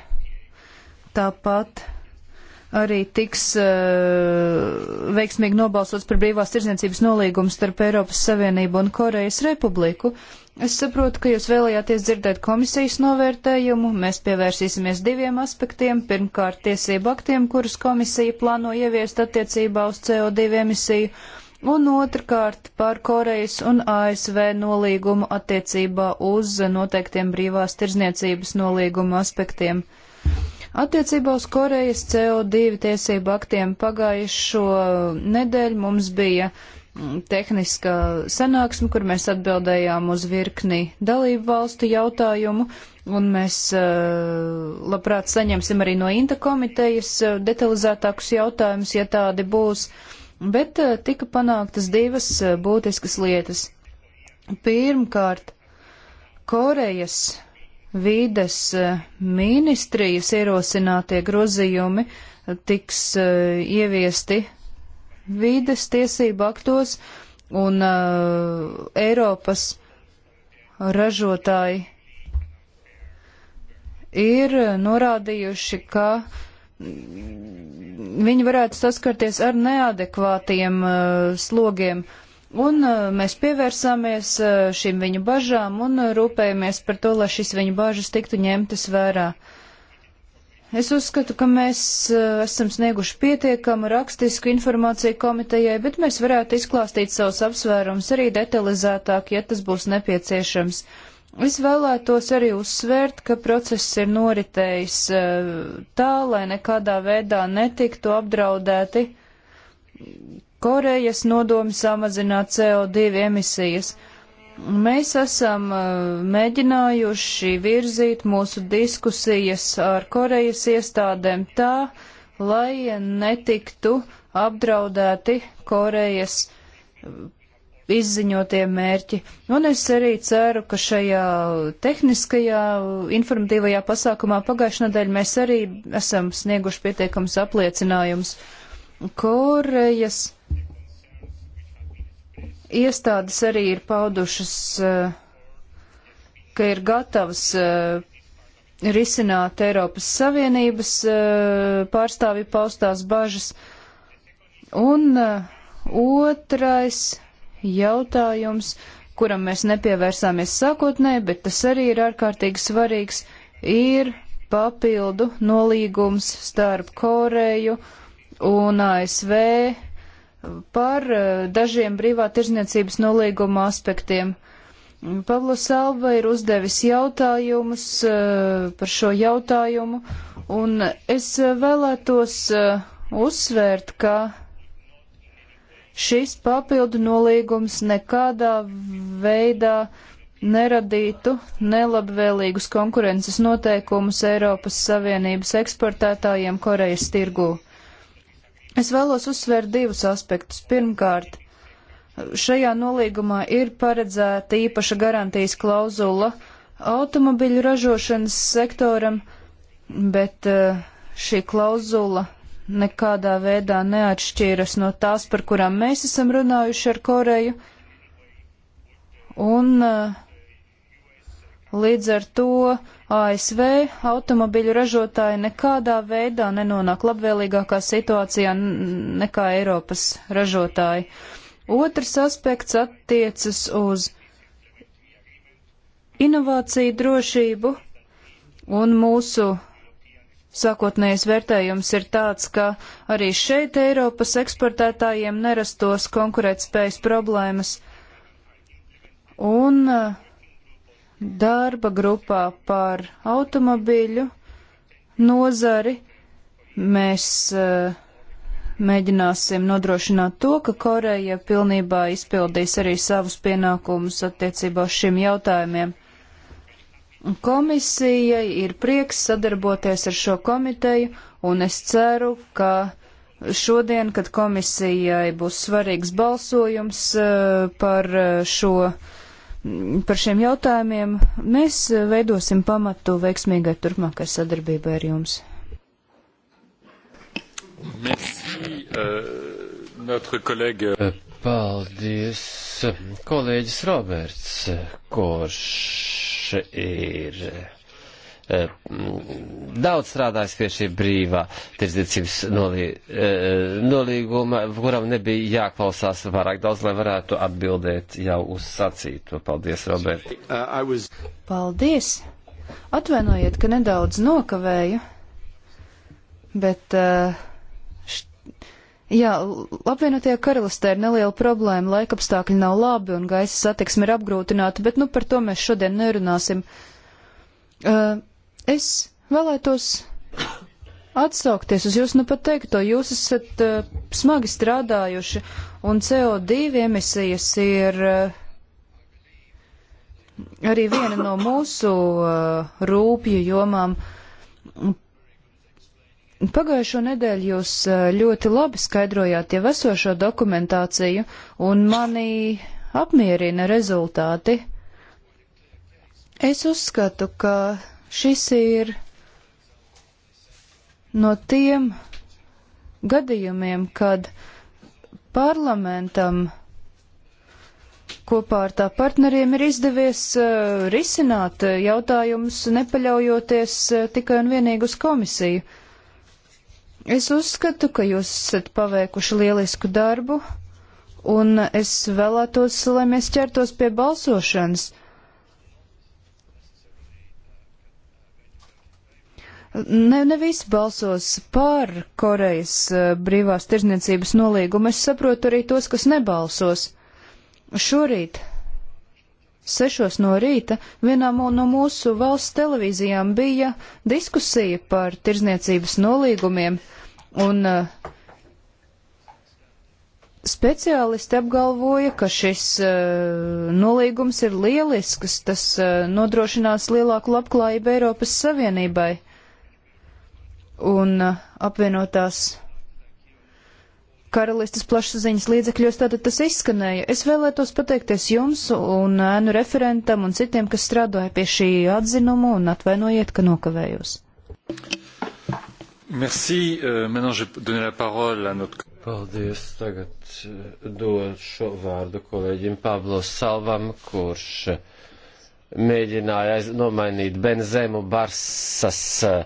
tāpat arī tiks uh, veiksmīgi nobalsots par brīvās tirdzniecības nolīgumu starp Eiropas Savienību un Korejas Republiku. Es saprotu, ka jūs vēlējāties dzirdēt komisijas novērtējumu. Mēs pievērsīsimies diviem aspektiem. Pirmkārt, tiesību aktiem, kurus komisija plāno ieviest attiecībā uz CO2 emisiju, un otrkārt par Korejas un ASV nolīgumu attiecībā uz noteiktiem brīvās tirzniecības nolīgumu aspektiem. Uh, Attiecībā uz Korejas CO2 tiesību aktiem pagājušo nedēļu mums bija mm, tehniska sanāksme, kur mēs atbildējām uz virkni dalību valstu jautājumu, un mēs eh, labprāt saņemsim arī no Inta komitejas eh, detalizētākus jautājumus, ja tādi būs. Bet eh, tika panāktas divas būtiskas lietas. Pirmkārt, Korejas vīdes eh, ministrijas ierosinātie grozījumi eh, tiks eh, ieviesti vīdes tiesību aktos un uh, Eiropas ražotāji ir norādījuši, ka mm, viņi varētu saskarties ar neadekvātiem uh, slogiem uh, Un uh, mēs pievērsāmies uh, šīm viņu bažām un uh, rūpējamies par to, lai šīs viņu bažas tiktu ņemtas vērā. Es uzskatu, ka mēs esam snieguši pietiekamu rakstisku informāciju komitejai, bet mēs varētu izklāstīt savus apsvērumus arī detalizētāk, ja tas būs nepieciešams. Es vēlētos arī uzsvērt, ka process ir noritējis tā, lai nekādā veidā netiktu apdraudēti Korejas nodomi samazināt CO2 emisijas. Mēs esam uh, mēģinājuši virzīt mūsu diskusijas ar Korejas iestādēm tā, lai netiktu apdraudēti Korejas uh, izziņotie mērķi. Un es arī ceru, ka šajā tehniskajā uh, informatīvajā pasākumā pagājušajā nedēļā mēs arī esam snieguši pietiekams apliecinājums Korejas Iestādes arī ir paudušas, eh, ka ir gatavas eh, risināt Eiropas Savienības eh, pārstāvi paustās bažas. Un otrais jautājums, kuram mēs nepievērsāmies sākotnēji, bet tas arī ir ārkārtīgi svarīgs, ir papildu nolīgums starp Koreju un ASV par eh, dažiem brīvā tirzniecības nolīguma aspektiem. Pavlo Salva ir uzdevis jautājumus eh, par šo jautājumu, un es eh, vēlētos uzsvērt, ka šis papildu nolīgums nekādā veidā neradītu nelabvēlīgus konkurences noteikumus Eiropas Savienības eksportētājiem Korejas tirgū. Es vēlos uzsvērt divus aspektus. Pirmkārt, šajā nolīgumā ir paredzēta īpaša garantijas klauzula automobiļu ražošanas sektoram, bet eh, šī klauzula nekādā veidā neatšķīras no tās, par kurām mēs esam runājuši ar Koreju. Un uh, Līdz ar to ASV automobiļu ražotāji nekādā veidā nenonāk labvēlīgākā situācijā nekā Eiropas ražotāji. Otrs aspekts attiecas uz inovāciju drošību, un mūsu sākotnējais vērtējums ir tāds, ka arī šeit Eiropas eksportētājiem nerastos konkurētspējas problēmas. Un uh, darba grupā par automobīļu nozari. Mēs uh, mēģināsim nodrošināt to, ka Koreja pilnībā izpildīs arī savus pienākumus attiecībā uz šiem jautājumiem. Komisijai ir prieks sadarboties ar šo komiteju, un es ceru, ka šodien, kad komisijai būs svarīgs balsojums eh, par eh, šo par šiem jautājumiem. Mēs veidosim pamatu veiksmīgai turpmākai sadarbībai ar jums. Merci, uh, Paldies, kolēģis Roberts, kurš ir Eh, daudz strādājis pie šī brīvā tirdzniecības eh, nolīguma, kuram nebija jāklausās pārāk daudz, lai varētu atbildēt jau uz sacīto. Paldies, Robert. Uh, Paldies! Atvainojiet, ka nedaudz nokavēju, bet. Eh, št... Jā, apvienotajā karalistē ir neliela problēma, laika apstākļi nav labi un gaisa satiksme ir apgrūtināta, bet nu par to mēs šodien nerunāsim. Uh, Es vēlētos atsaukties uz jūsu nu pat teikto. Jūs esat uh, smagi strādājuši, un CO2 emisijas ir uh, arī viena no mūsu uh, rūpju jomām. Pagājušo nedēļu jūs ļoti labi skaidrojāt jau esošo dokumentāciju, un mani apmierina rezultāti. Es uzskatu, ka Šis ir no tiem gadījumiem, kad parlamentam kopā ar tā partneriem ir izdevies uh, risināt jautājumus, nepaļaujoties uh, tikai un vienīgi uz komisiju. Es uzskatu, ka jūs esat paveikuši lielisku darbu, un es vēlētos, lai mēs ķertos pie balsošanas. Uh, Ne, ne visi balsos par Korejas eh, brīvās tirzniecības nolīgumu. Es saprotu arī tos, kas nebalsos. Šorīt, sešos no rīta, vienā no mūsu valsts televīzijām bija diskusija par tirzniecības nolīgumiem, un uh, Speciālisti apgalvoja, ka šis uh, nolīgums ir lielisks, tas uh, nodrošinās lielāku labklājību Eiropas Savienībai un uh, apvienotās karalistas plašsaziņas līdzekļos tātad tas izskanēja. Es vēlētos pateikties jums un ēnu referentam un citiem, kas strādāja pie šī atzinuma un atvainojiet, ka nokavējos. Merci. Euh, maintenant, je donne la parole à notre... Paldies. Tagad euh, došu vārdu kolēģim Pablo Salvam, kurš uh, mēģināja nomainīt Benzēmu Barsas eh,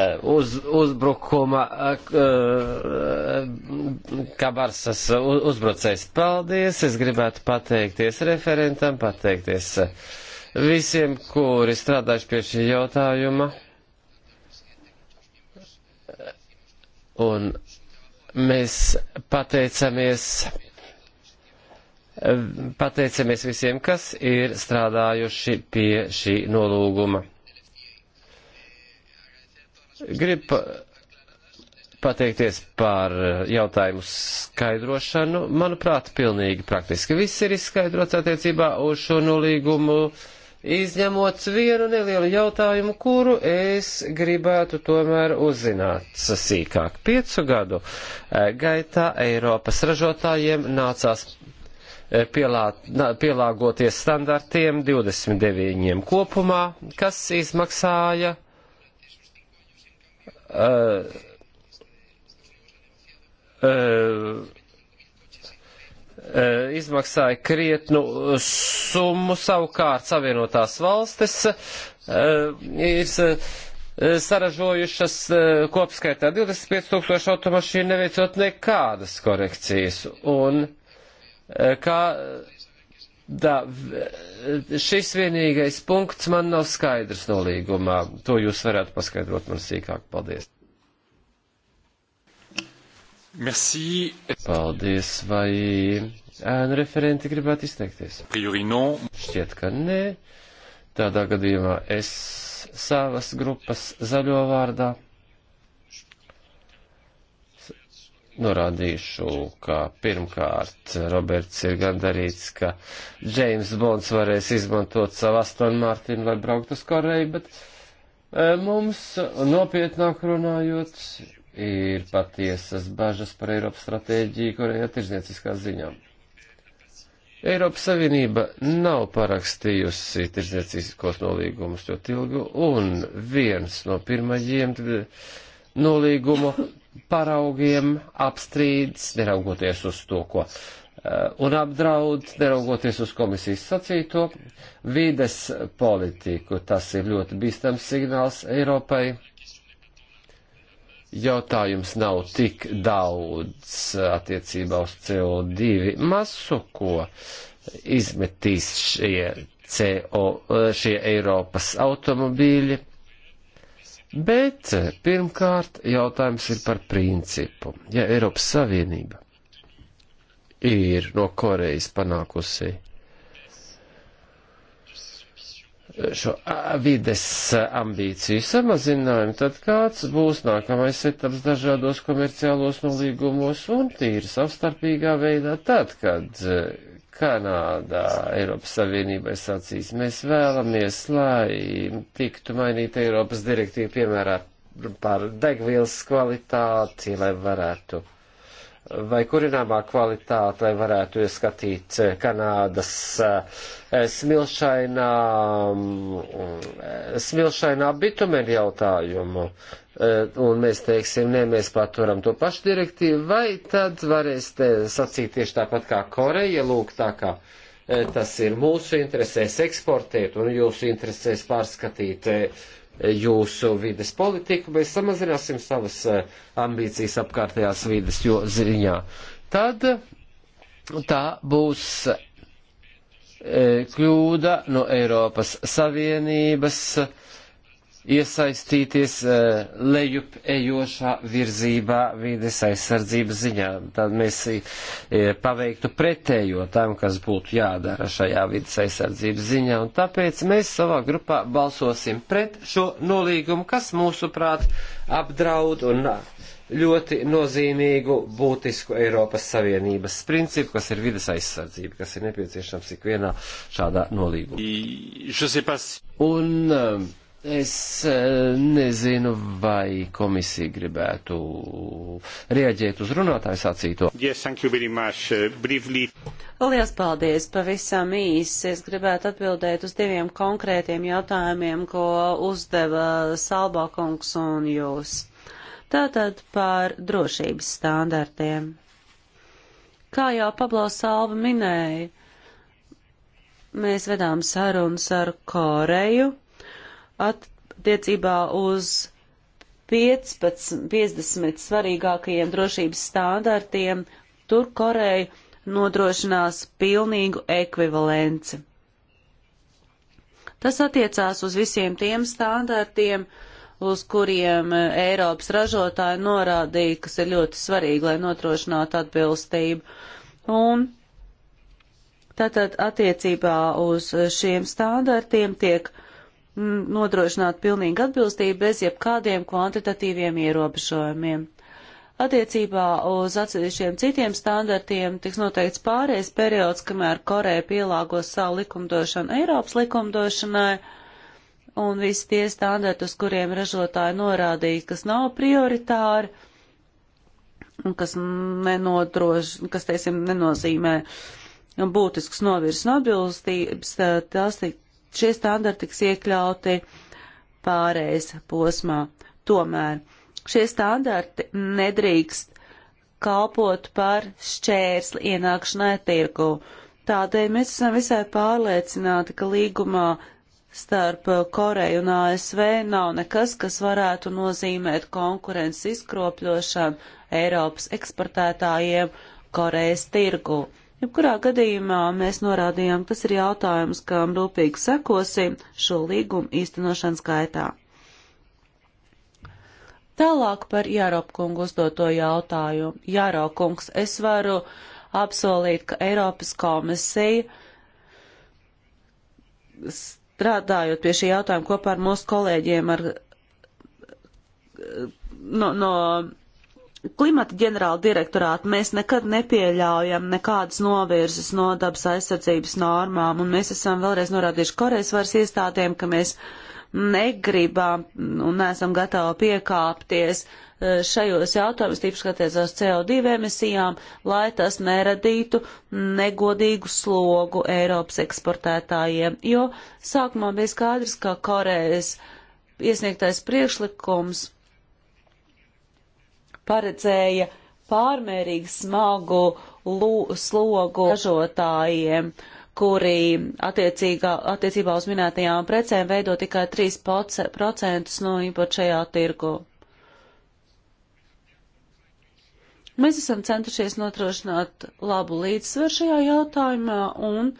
eh, uz, uzbrukuma, eh, kā Barsas uzbrucējs. Paldies! Es gribētu pateikties referentam, pateikties visiem, kuri strādājuši pie šī jautājuma. Un mēs pateicamies Pateicamies visiem, kas ir strādājuši pie šī nolūguma. Gribu pateikties par jautājumu skaidrošanu. Manuprāt, pilnīgi praktiski viss ir izskaidrots attiecībā uz šo nolīgumu, izņemot vienu nelielu jautājumu, kuru es gribētu tomēr uzzināt sīkāk. Piecu gadu eh, gaitā Eiropas ražotājiem nācās Eh, pielā, pielāgoties standartiem 29 kopumā, kas izmaksāja uh, uh, izmaksāja krietnu summu, savukārt Savienotās valstis uh, ir uh, saražojušas uh, kopskaitā 25 tūkstoši automašīnu neveicot nekādas korekcijas. Un uh, Eh, kā eh, Da, šis vienīgais punkts man nav skaidrs no līgumā. To jūs varētu paskaidrot man sīkāk. Paldies. Merci. Paldies, vai ēnu referenti gribētu izteikties? Priori non. Šķiet, ka nē. Tādā gadījumā es savas grupas zaļo vārdā norādīšu, ka pirmkārt Roberts ir gandarīts, ka Džeims Bonds varēs izmantot savu Aston Martinu, lai braukt uz Koreju, bet e, mums nopietnāk runājot ir patiesas bažas par Eiropas stratēģiju Korejā tirzniecīskā ziņā. Eiropas Savienība nav parakstījusi tirdzniecīskos nolīgumus ļoti ilgu, un viens no pirmajiem nolīgumu paraugiem apstrīdas, neraugoties uz to, ko eh, un apdraud, neraugoties uz komisijas sacīto, vides politiku. Tas ir ļoti bīstams signāls Eiropai. Jautājums nav tik daudz attiecībā uz CO2 masu, ko izmetīs šie, CO, eh, šie Eiropas automobīļi Bet eh, pirmkārt jautājums ir par principu. Ja Eiropas Savienība ir no Korejas panākusi eh, šo vides eh, ambīciju samazinājumu, tad kāds būs nākamais etaps dažādos komerciālos nolīgumos un tīri savstarpīgā veidā tad, kad Kanādā Eiropas Savienībai sacīs, mēs vēlamies, lai tiktu mainīta Eiropas direktīva, piemēram, par degvielas kvalitāti, lai varētu vai kurināmā kvalitāte, lai varētu ieskatīt eh, Kanādas eh, smilšainā, mm, eh, smilšainā bitumeni jautājumu, un mēs teiksim, nē, mēs paturam to pašu direktīvu, vai tad varēs sacīt tieši tāpat kā Koreja, lūk, tā kā tas ir mūsu interesēs eksportēt un jūsu interesēs pārskatīt jūsu vides politiku, mēs samazināsim savas eh, ambīcijas apkārtējās vides ziņā. Tad tā būs eh, kļūda no Eiropas Savienības uh, iesaistīties eh, lejup ejošā virzībā vīdes aizsardzības ziņā. Tad mēs eh, paveiktu pretējo tam, kas būtu jādara šajā vīdes aizsardzības ziņā. Un tāpēc mēs savā grupā balsosim pret šo nolīgumu, kas mūsuprāt apdraud un ļoti nozīmīgu būtisku Eiropas Savienības principu, kas ir vides aizsardzība, kas ir nepieciešams ikvienā šādā nolīgumā. Un, um, Es eh, nezinu, vai komisija gribētu rieģēt uz runātāju sacīto. Yes, uh, Lielas paldies, pavisam īsi. Es gribētu atbildēt uz diviem konkrētiem jautājumiem, ko uzdeva Salbakungs un jūs. Tātad par drošības standartiem. Kā jau Pablo Salva minēja, mēs vedām sarunas ar Koreju attiecībā uz 15, 50 svarīgākajiem drošības standartiem, tur Koreja nodrošinās pilnīgu ekvivalenci. Tas attiecās uz visiem tiem standartiem, uz kuriem eh, Eiropas ražotāji norādīja, kas ir ļoti svarīgi, lai notrošinātu atbilstību. Un tātad attiecībā uz eh, šiem standartiem tiek uh, nodrošināt pilnīgu atbilstību bez jebkādiem kvantitatīviem ierobežojumiem. Attiecībā uz atsevišķiem citiem standartiem tiks noteikts pārējais periods, kamēr Koreja pielāgos savu likumdošanu Eiropas likumdošanai, un visi tie standarti, uz kuriem ražotāji norādīja, kas nav prioritāri, un kas nenodroš, kas, teiksim, nenozīmē būtisks novirs un atbilstības, tās tik šie standarti tiks iekļauti pārējais posmā. Tomēr šie standarti nedrīkst kalpot par šķērsli ienākšanai tirgu. Tādēļ mēs esam visai pārliecināti, ka līgumā starp Koreju un ASV nav nekas, kas varētu nozīmēt konkurences izkropļošanu Eiropas eksportētājiem Korejas tirgu. Jebkurā gadījumā mēs norādījām, tas ir jautājums, kam rūpīgi sekosim šo līgumu īstenošanas gaitā. Tālāk par Jāropkungu uzdoto jautājumu. Jāropkungs, es varu apsolīt, ka Eiropas komisija strādājot pie šī jautājuma kopā ar mūsu kolēģiem ar, no, no klimata ģenerāla direktorāta mēs nekad nepieļaujam nekādas novirzes no dabas aizsardzības normām, un mēs esam vēlreiz norādījuši Korejas varas iestādēm, ka mēs negribam un neesam gatavi piekāpties e, šajos jautājumus, tīpaši skaties uz CO2 emisijām, lai tas neradītu negodīgu slogu Eiropas eksportētājiem, jo sākumā bija skaidrs, ka Korejas iesniegtais priekšlikums paredzēja pārmērīgi smagu slogu ražotājiem, kuri attiecībā uz minētajām precēm veido tikai 3% no importējā tirgu. Mēs esam centušies notrošināt labu līdzsvaru šajā jautājumā, un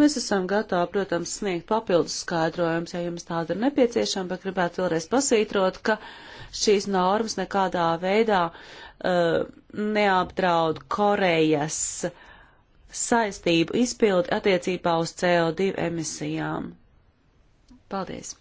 mēs esam gatavi, protams, sniegt papildus skaidrojumus, ja jums tāda ir nepieciešama, bet gribētu vēlreiz pasītrot, ka uh, šīs normas nekādā veidā uh, neapdraud Korejas saistību izpildi attiecībā uz CO2 emisijām. Paldies!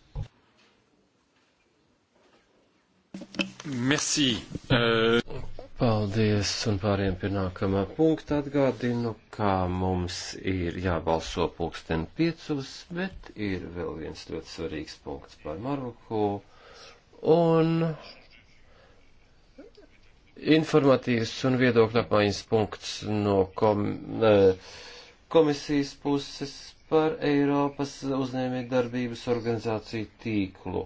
Merci. Uh... Paldies, un pāriem pie nākamā punkta atgādinu, kā mums ir jābalso pulksten piecus, bet ir vēl viens ļoti svarīgs punkts par Maroku un informatīvs un viedokļa apmaiņas punkts no kom, e, komisijas puses par Eiropas uzņēmējdarbības organizāciju tīklu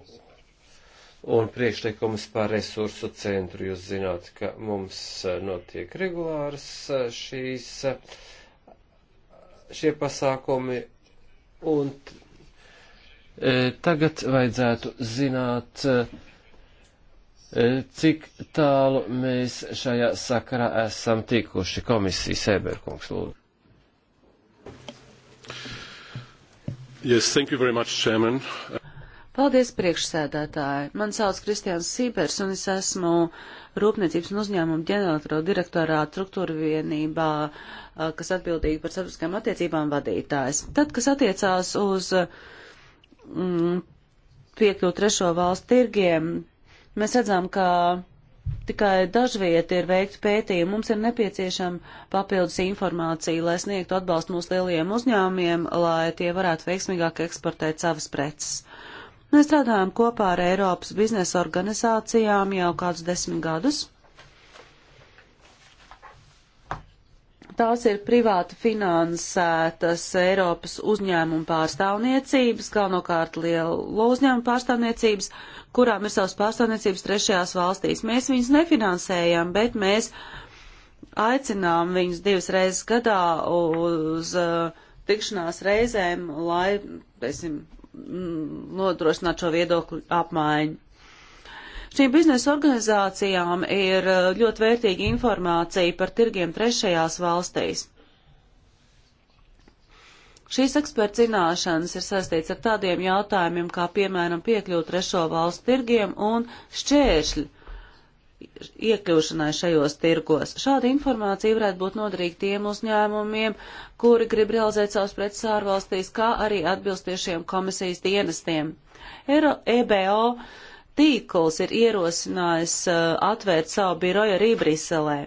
un priekšlikums par resursu centru. Jūs zināt, ka mums e, notiek regulāras e, šīs, šie pasākumi, un e, tagad vajadzētu zināt, e, E, cik tālu mēs šajā sakarā esam tikuši komisijas Eberkungs lūdzu? Yes, thank you very much, Chairman. Paldies, priekšsēdētāji. Man sauc Kristiāns Sībers un es esmu Rūpniecības un uzņēmumu ģenerāldirektorā direktorā struktūra vienībā, kas atbildīgi par sabiedriskām attiecībām vadītājs. Tad, kas attiecās uz mm, piekļūt trešo valstu tirgiem, Mēs redzam, ka tikai dažviet ir veikti pētījumi. Mums ir nepieciešama papildus informācija, lai sniegtu atbalstu mūsu lielajiem uzņēmumiem, lai tie varētu veiksmīgāk eksportēt savas preces. Mēs strādājam kopā ar Eiropas biznesa organizācijām jau kādus desmit gadus. Tās ir privāti finansētas Eiropas uzņēmumu pārstāvniecības, galvenokārt lielo uzņēmumu pārstāvniecības, kurām ir savas pārstāvniecības trešajās valstīs. Mēs viņus nefinansējam, bet mēs aicinām viņus divas reizes gadā uz uh, tikšanās reizēm, lai, teiksim, mm, nodrošinātu šo viedokļu apmaiņu. Šīm biznesa organizācijām ir uh, ļoti vērtīga informācija par tirgiem trešajās valstīs. Šīs eksperta zināšanas ir saistīts ar tādiem jautājumiem, kā piemēram piekļūt trešo valstu tirgiem un šķēršļi iekļūšanai šajos tirgos. Šāda informācija varētu būt noderīga tiem uzņēmumiem, kuri grib realizēt savus preces ārvalstīs, kā arī atbilstiešiem komisijas dienestiem. Eiro, EBO tīkls ir ierosinājis uh, atvērt savu biroju arī Briselē.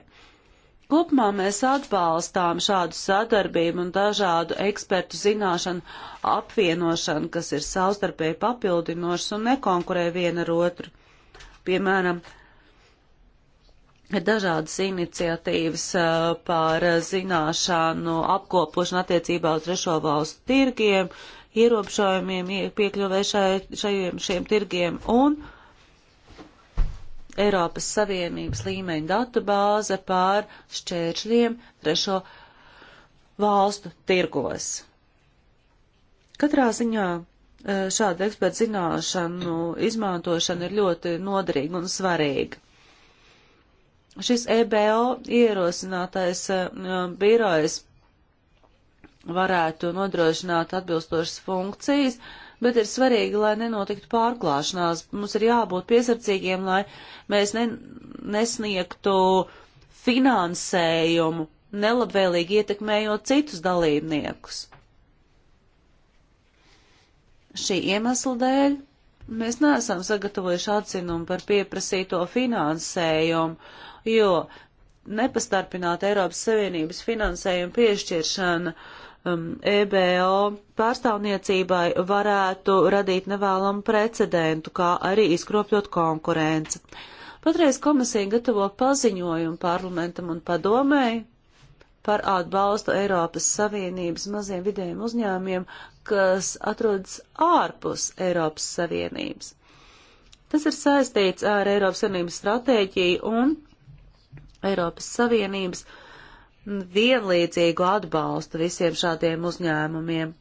Kopumā mēs atbalstām šādu sadarbību un dažādu ekspertu zināšanu apvienošanu, kas ir savstarpēji papildinošas un nekonkurē viena ar otru. Piemēram, ir dažādas iniciatīvas uh, par zināšanu apkopošanu attiecībā uz trešo valstu tirgiem, ierobežojumiem piekļuvē šai, šajiem šiem tirgiem un Eiropas Savienības līmeņa datubāze pār šķēršļiem trešo valstu tirgos. Katrā ziņā e, šāda eksperta zināšanu izmantošana ir ļoti noderīga un svarīga. Šis EBO ierosinātais e, birojs varētu nodrošināt atbilstošas funkcijas, uh, bet ir svarīgi, lai nenotiktu pārklāšanās. Mums ir jābūt piesardzīgiem, lai mēs ne, nesniegtu finansējumu, nelabvēlīgi ietekmējot citus dalībniekus. Šī iemesla dēļ mēs neesam sagatavojuši atzinumu par pieprasīto finansējumu, jo nepastarpināt Eiropas Savienības finansējumu piešķiršana uh, um, EBO pārstāvniecībai varētu radīt nevēlamu precedentu, kā arī izkropļot konkurenci. Patreiz komisija gatavo paziņojumu parlamentam un padomēji par atbalstu Eiropas Savienības maziem vidējiem uzņēmiem, kas atrodas ārpus Eiropas Savienības. Tas ir saistīts ar Eiropas Savienības stratēģiju un Eiropas Savienības uh, vienlīdzīgu atbalstu visiem šādiem uzņēmumiem.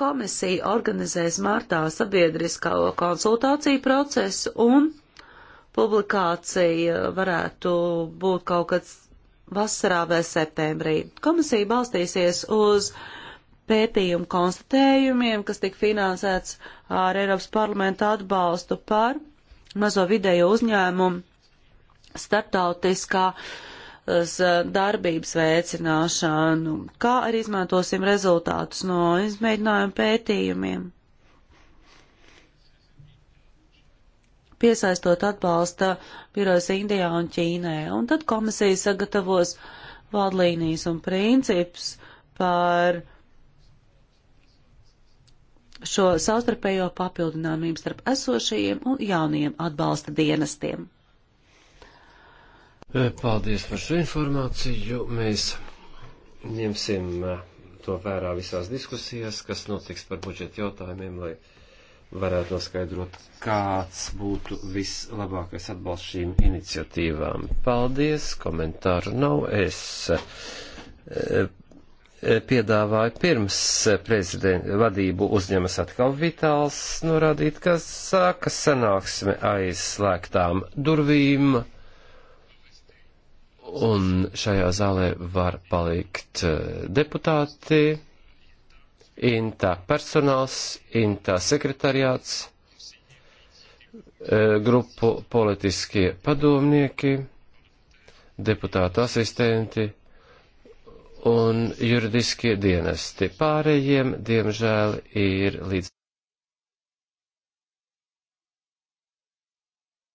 Komisija organizēs martā sabiedriskā konsultāciju procesu un publikācija varētu būt kaut kāds vasarā vai septembrī. Komisija balstīsies uz pētījumu konstatējumiem, kas tika finansēts ar Eiropas parlamentu atbalstu par mazo vidējo uzņēmumu starptautiskā uh, Eh, darbības veicināšanu, kā arī izmantosim rezultātus no izmēģinājumu pētījumiem. Piesaistot atbalsta birojas Indijā un Ķīnē, un tad komisija sagatavos vadlīnijas un princips par šo savstarpējo papildinājumību starp esošajiem un jaunajiem atbalsta dienestiem. Eh, paldies par šo informāciju. Mēs ņemsim eh, to vērā visās diskusijās, kas notiks par budžeta jautājumiem, lai varētu noskaidrot, kāds būtu vislabākais atbalsts šīm iniciatīvām. Paldies, komentāru nav. Es eh, piedāvāju pirms vadību uzņemas atkal Vitāls norādīt, ka sākas sanāksme aizslēgtām durvīm. Un šajā zālē var palikt eh, deputāti, intā personāls, intā sekretariāts, eh, grupu politiskie padomnieki, deputātu asistenti un juridiskie dienesti. Pārējiem, diemžēl, ir līdz.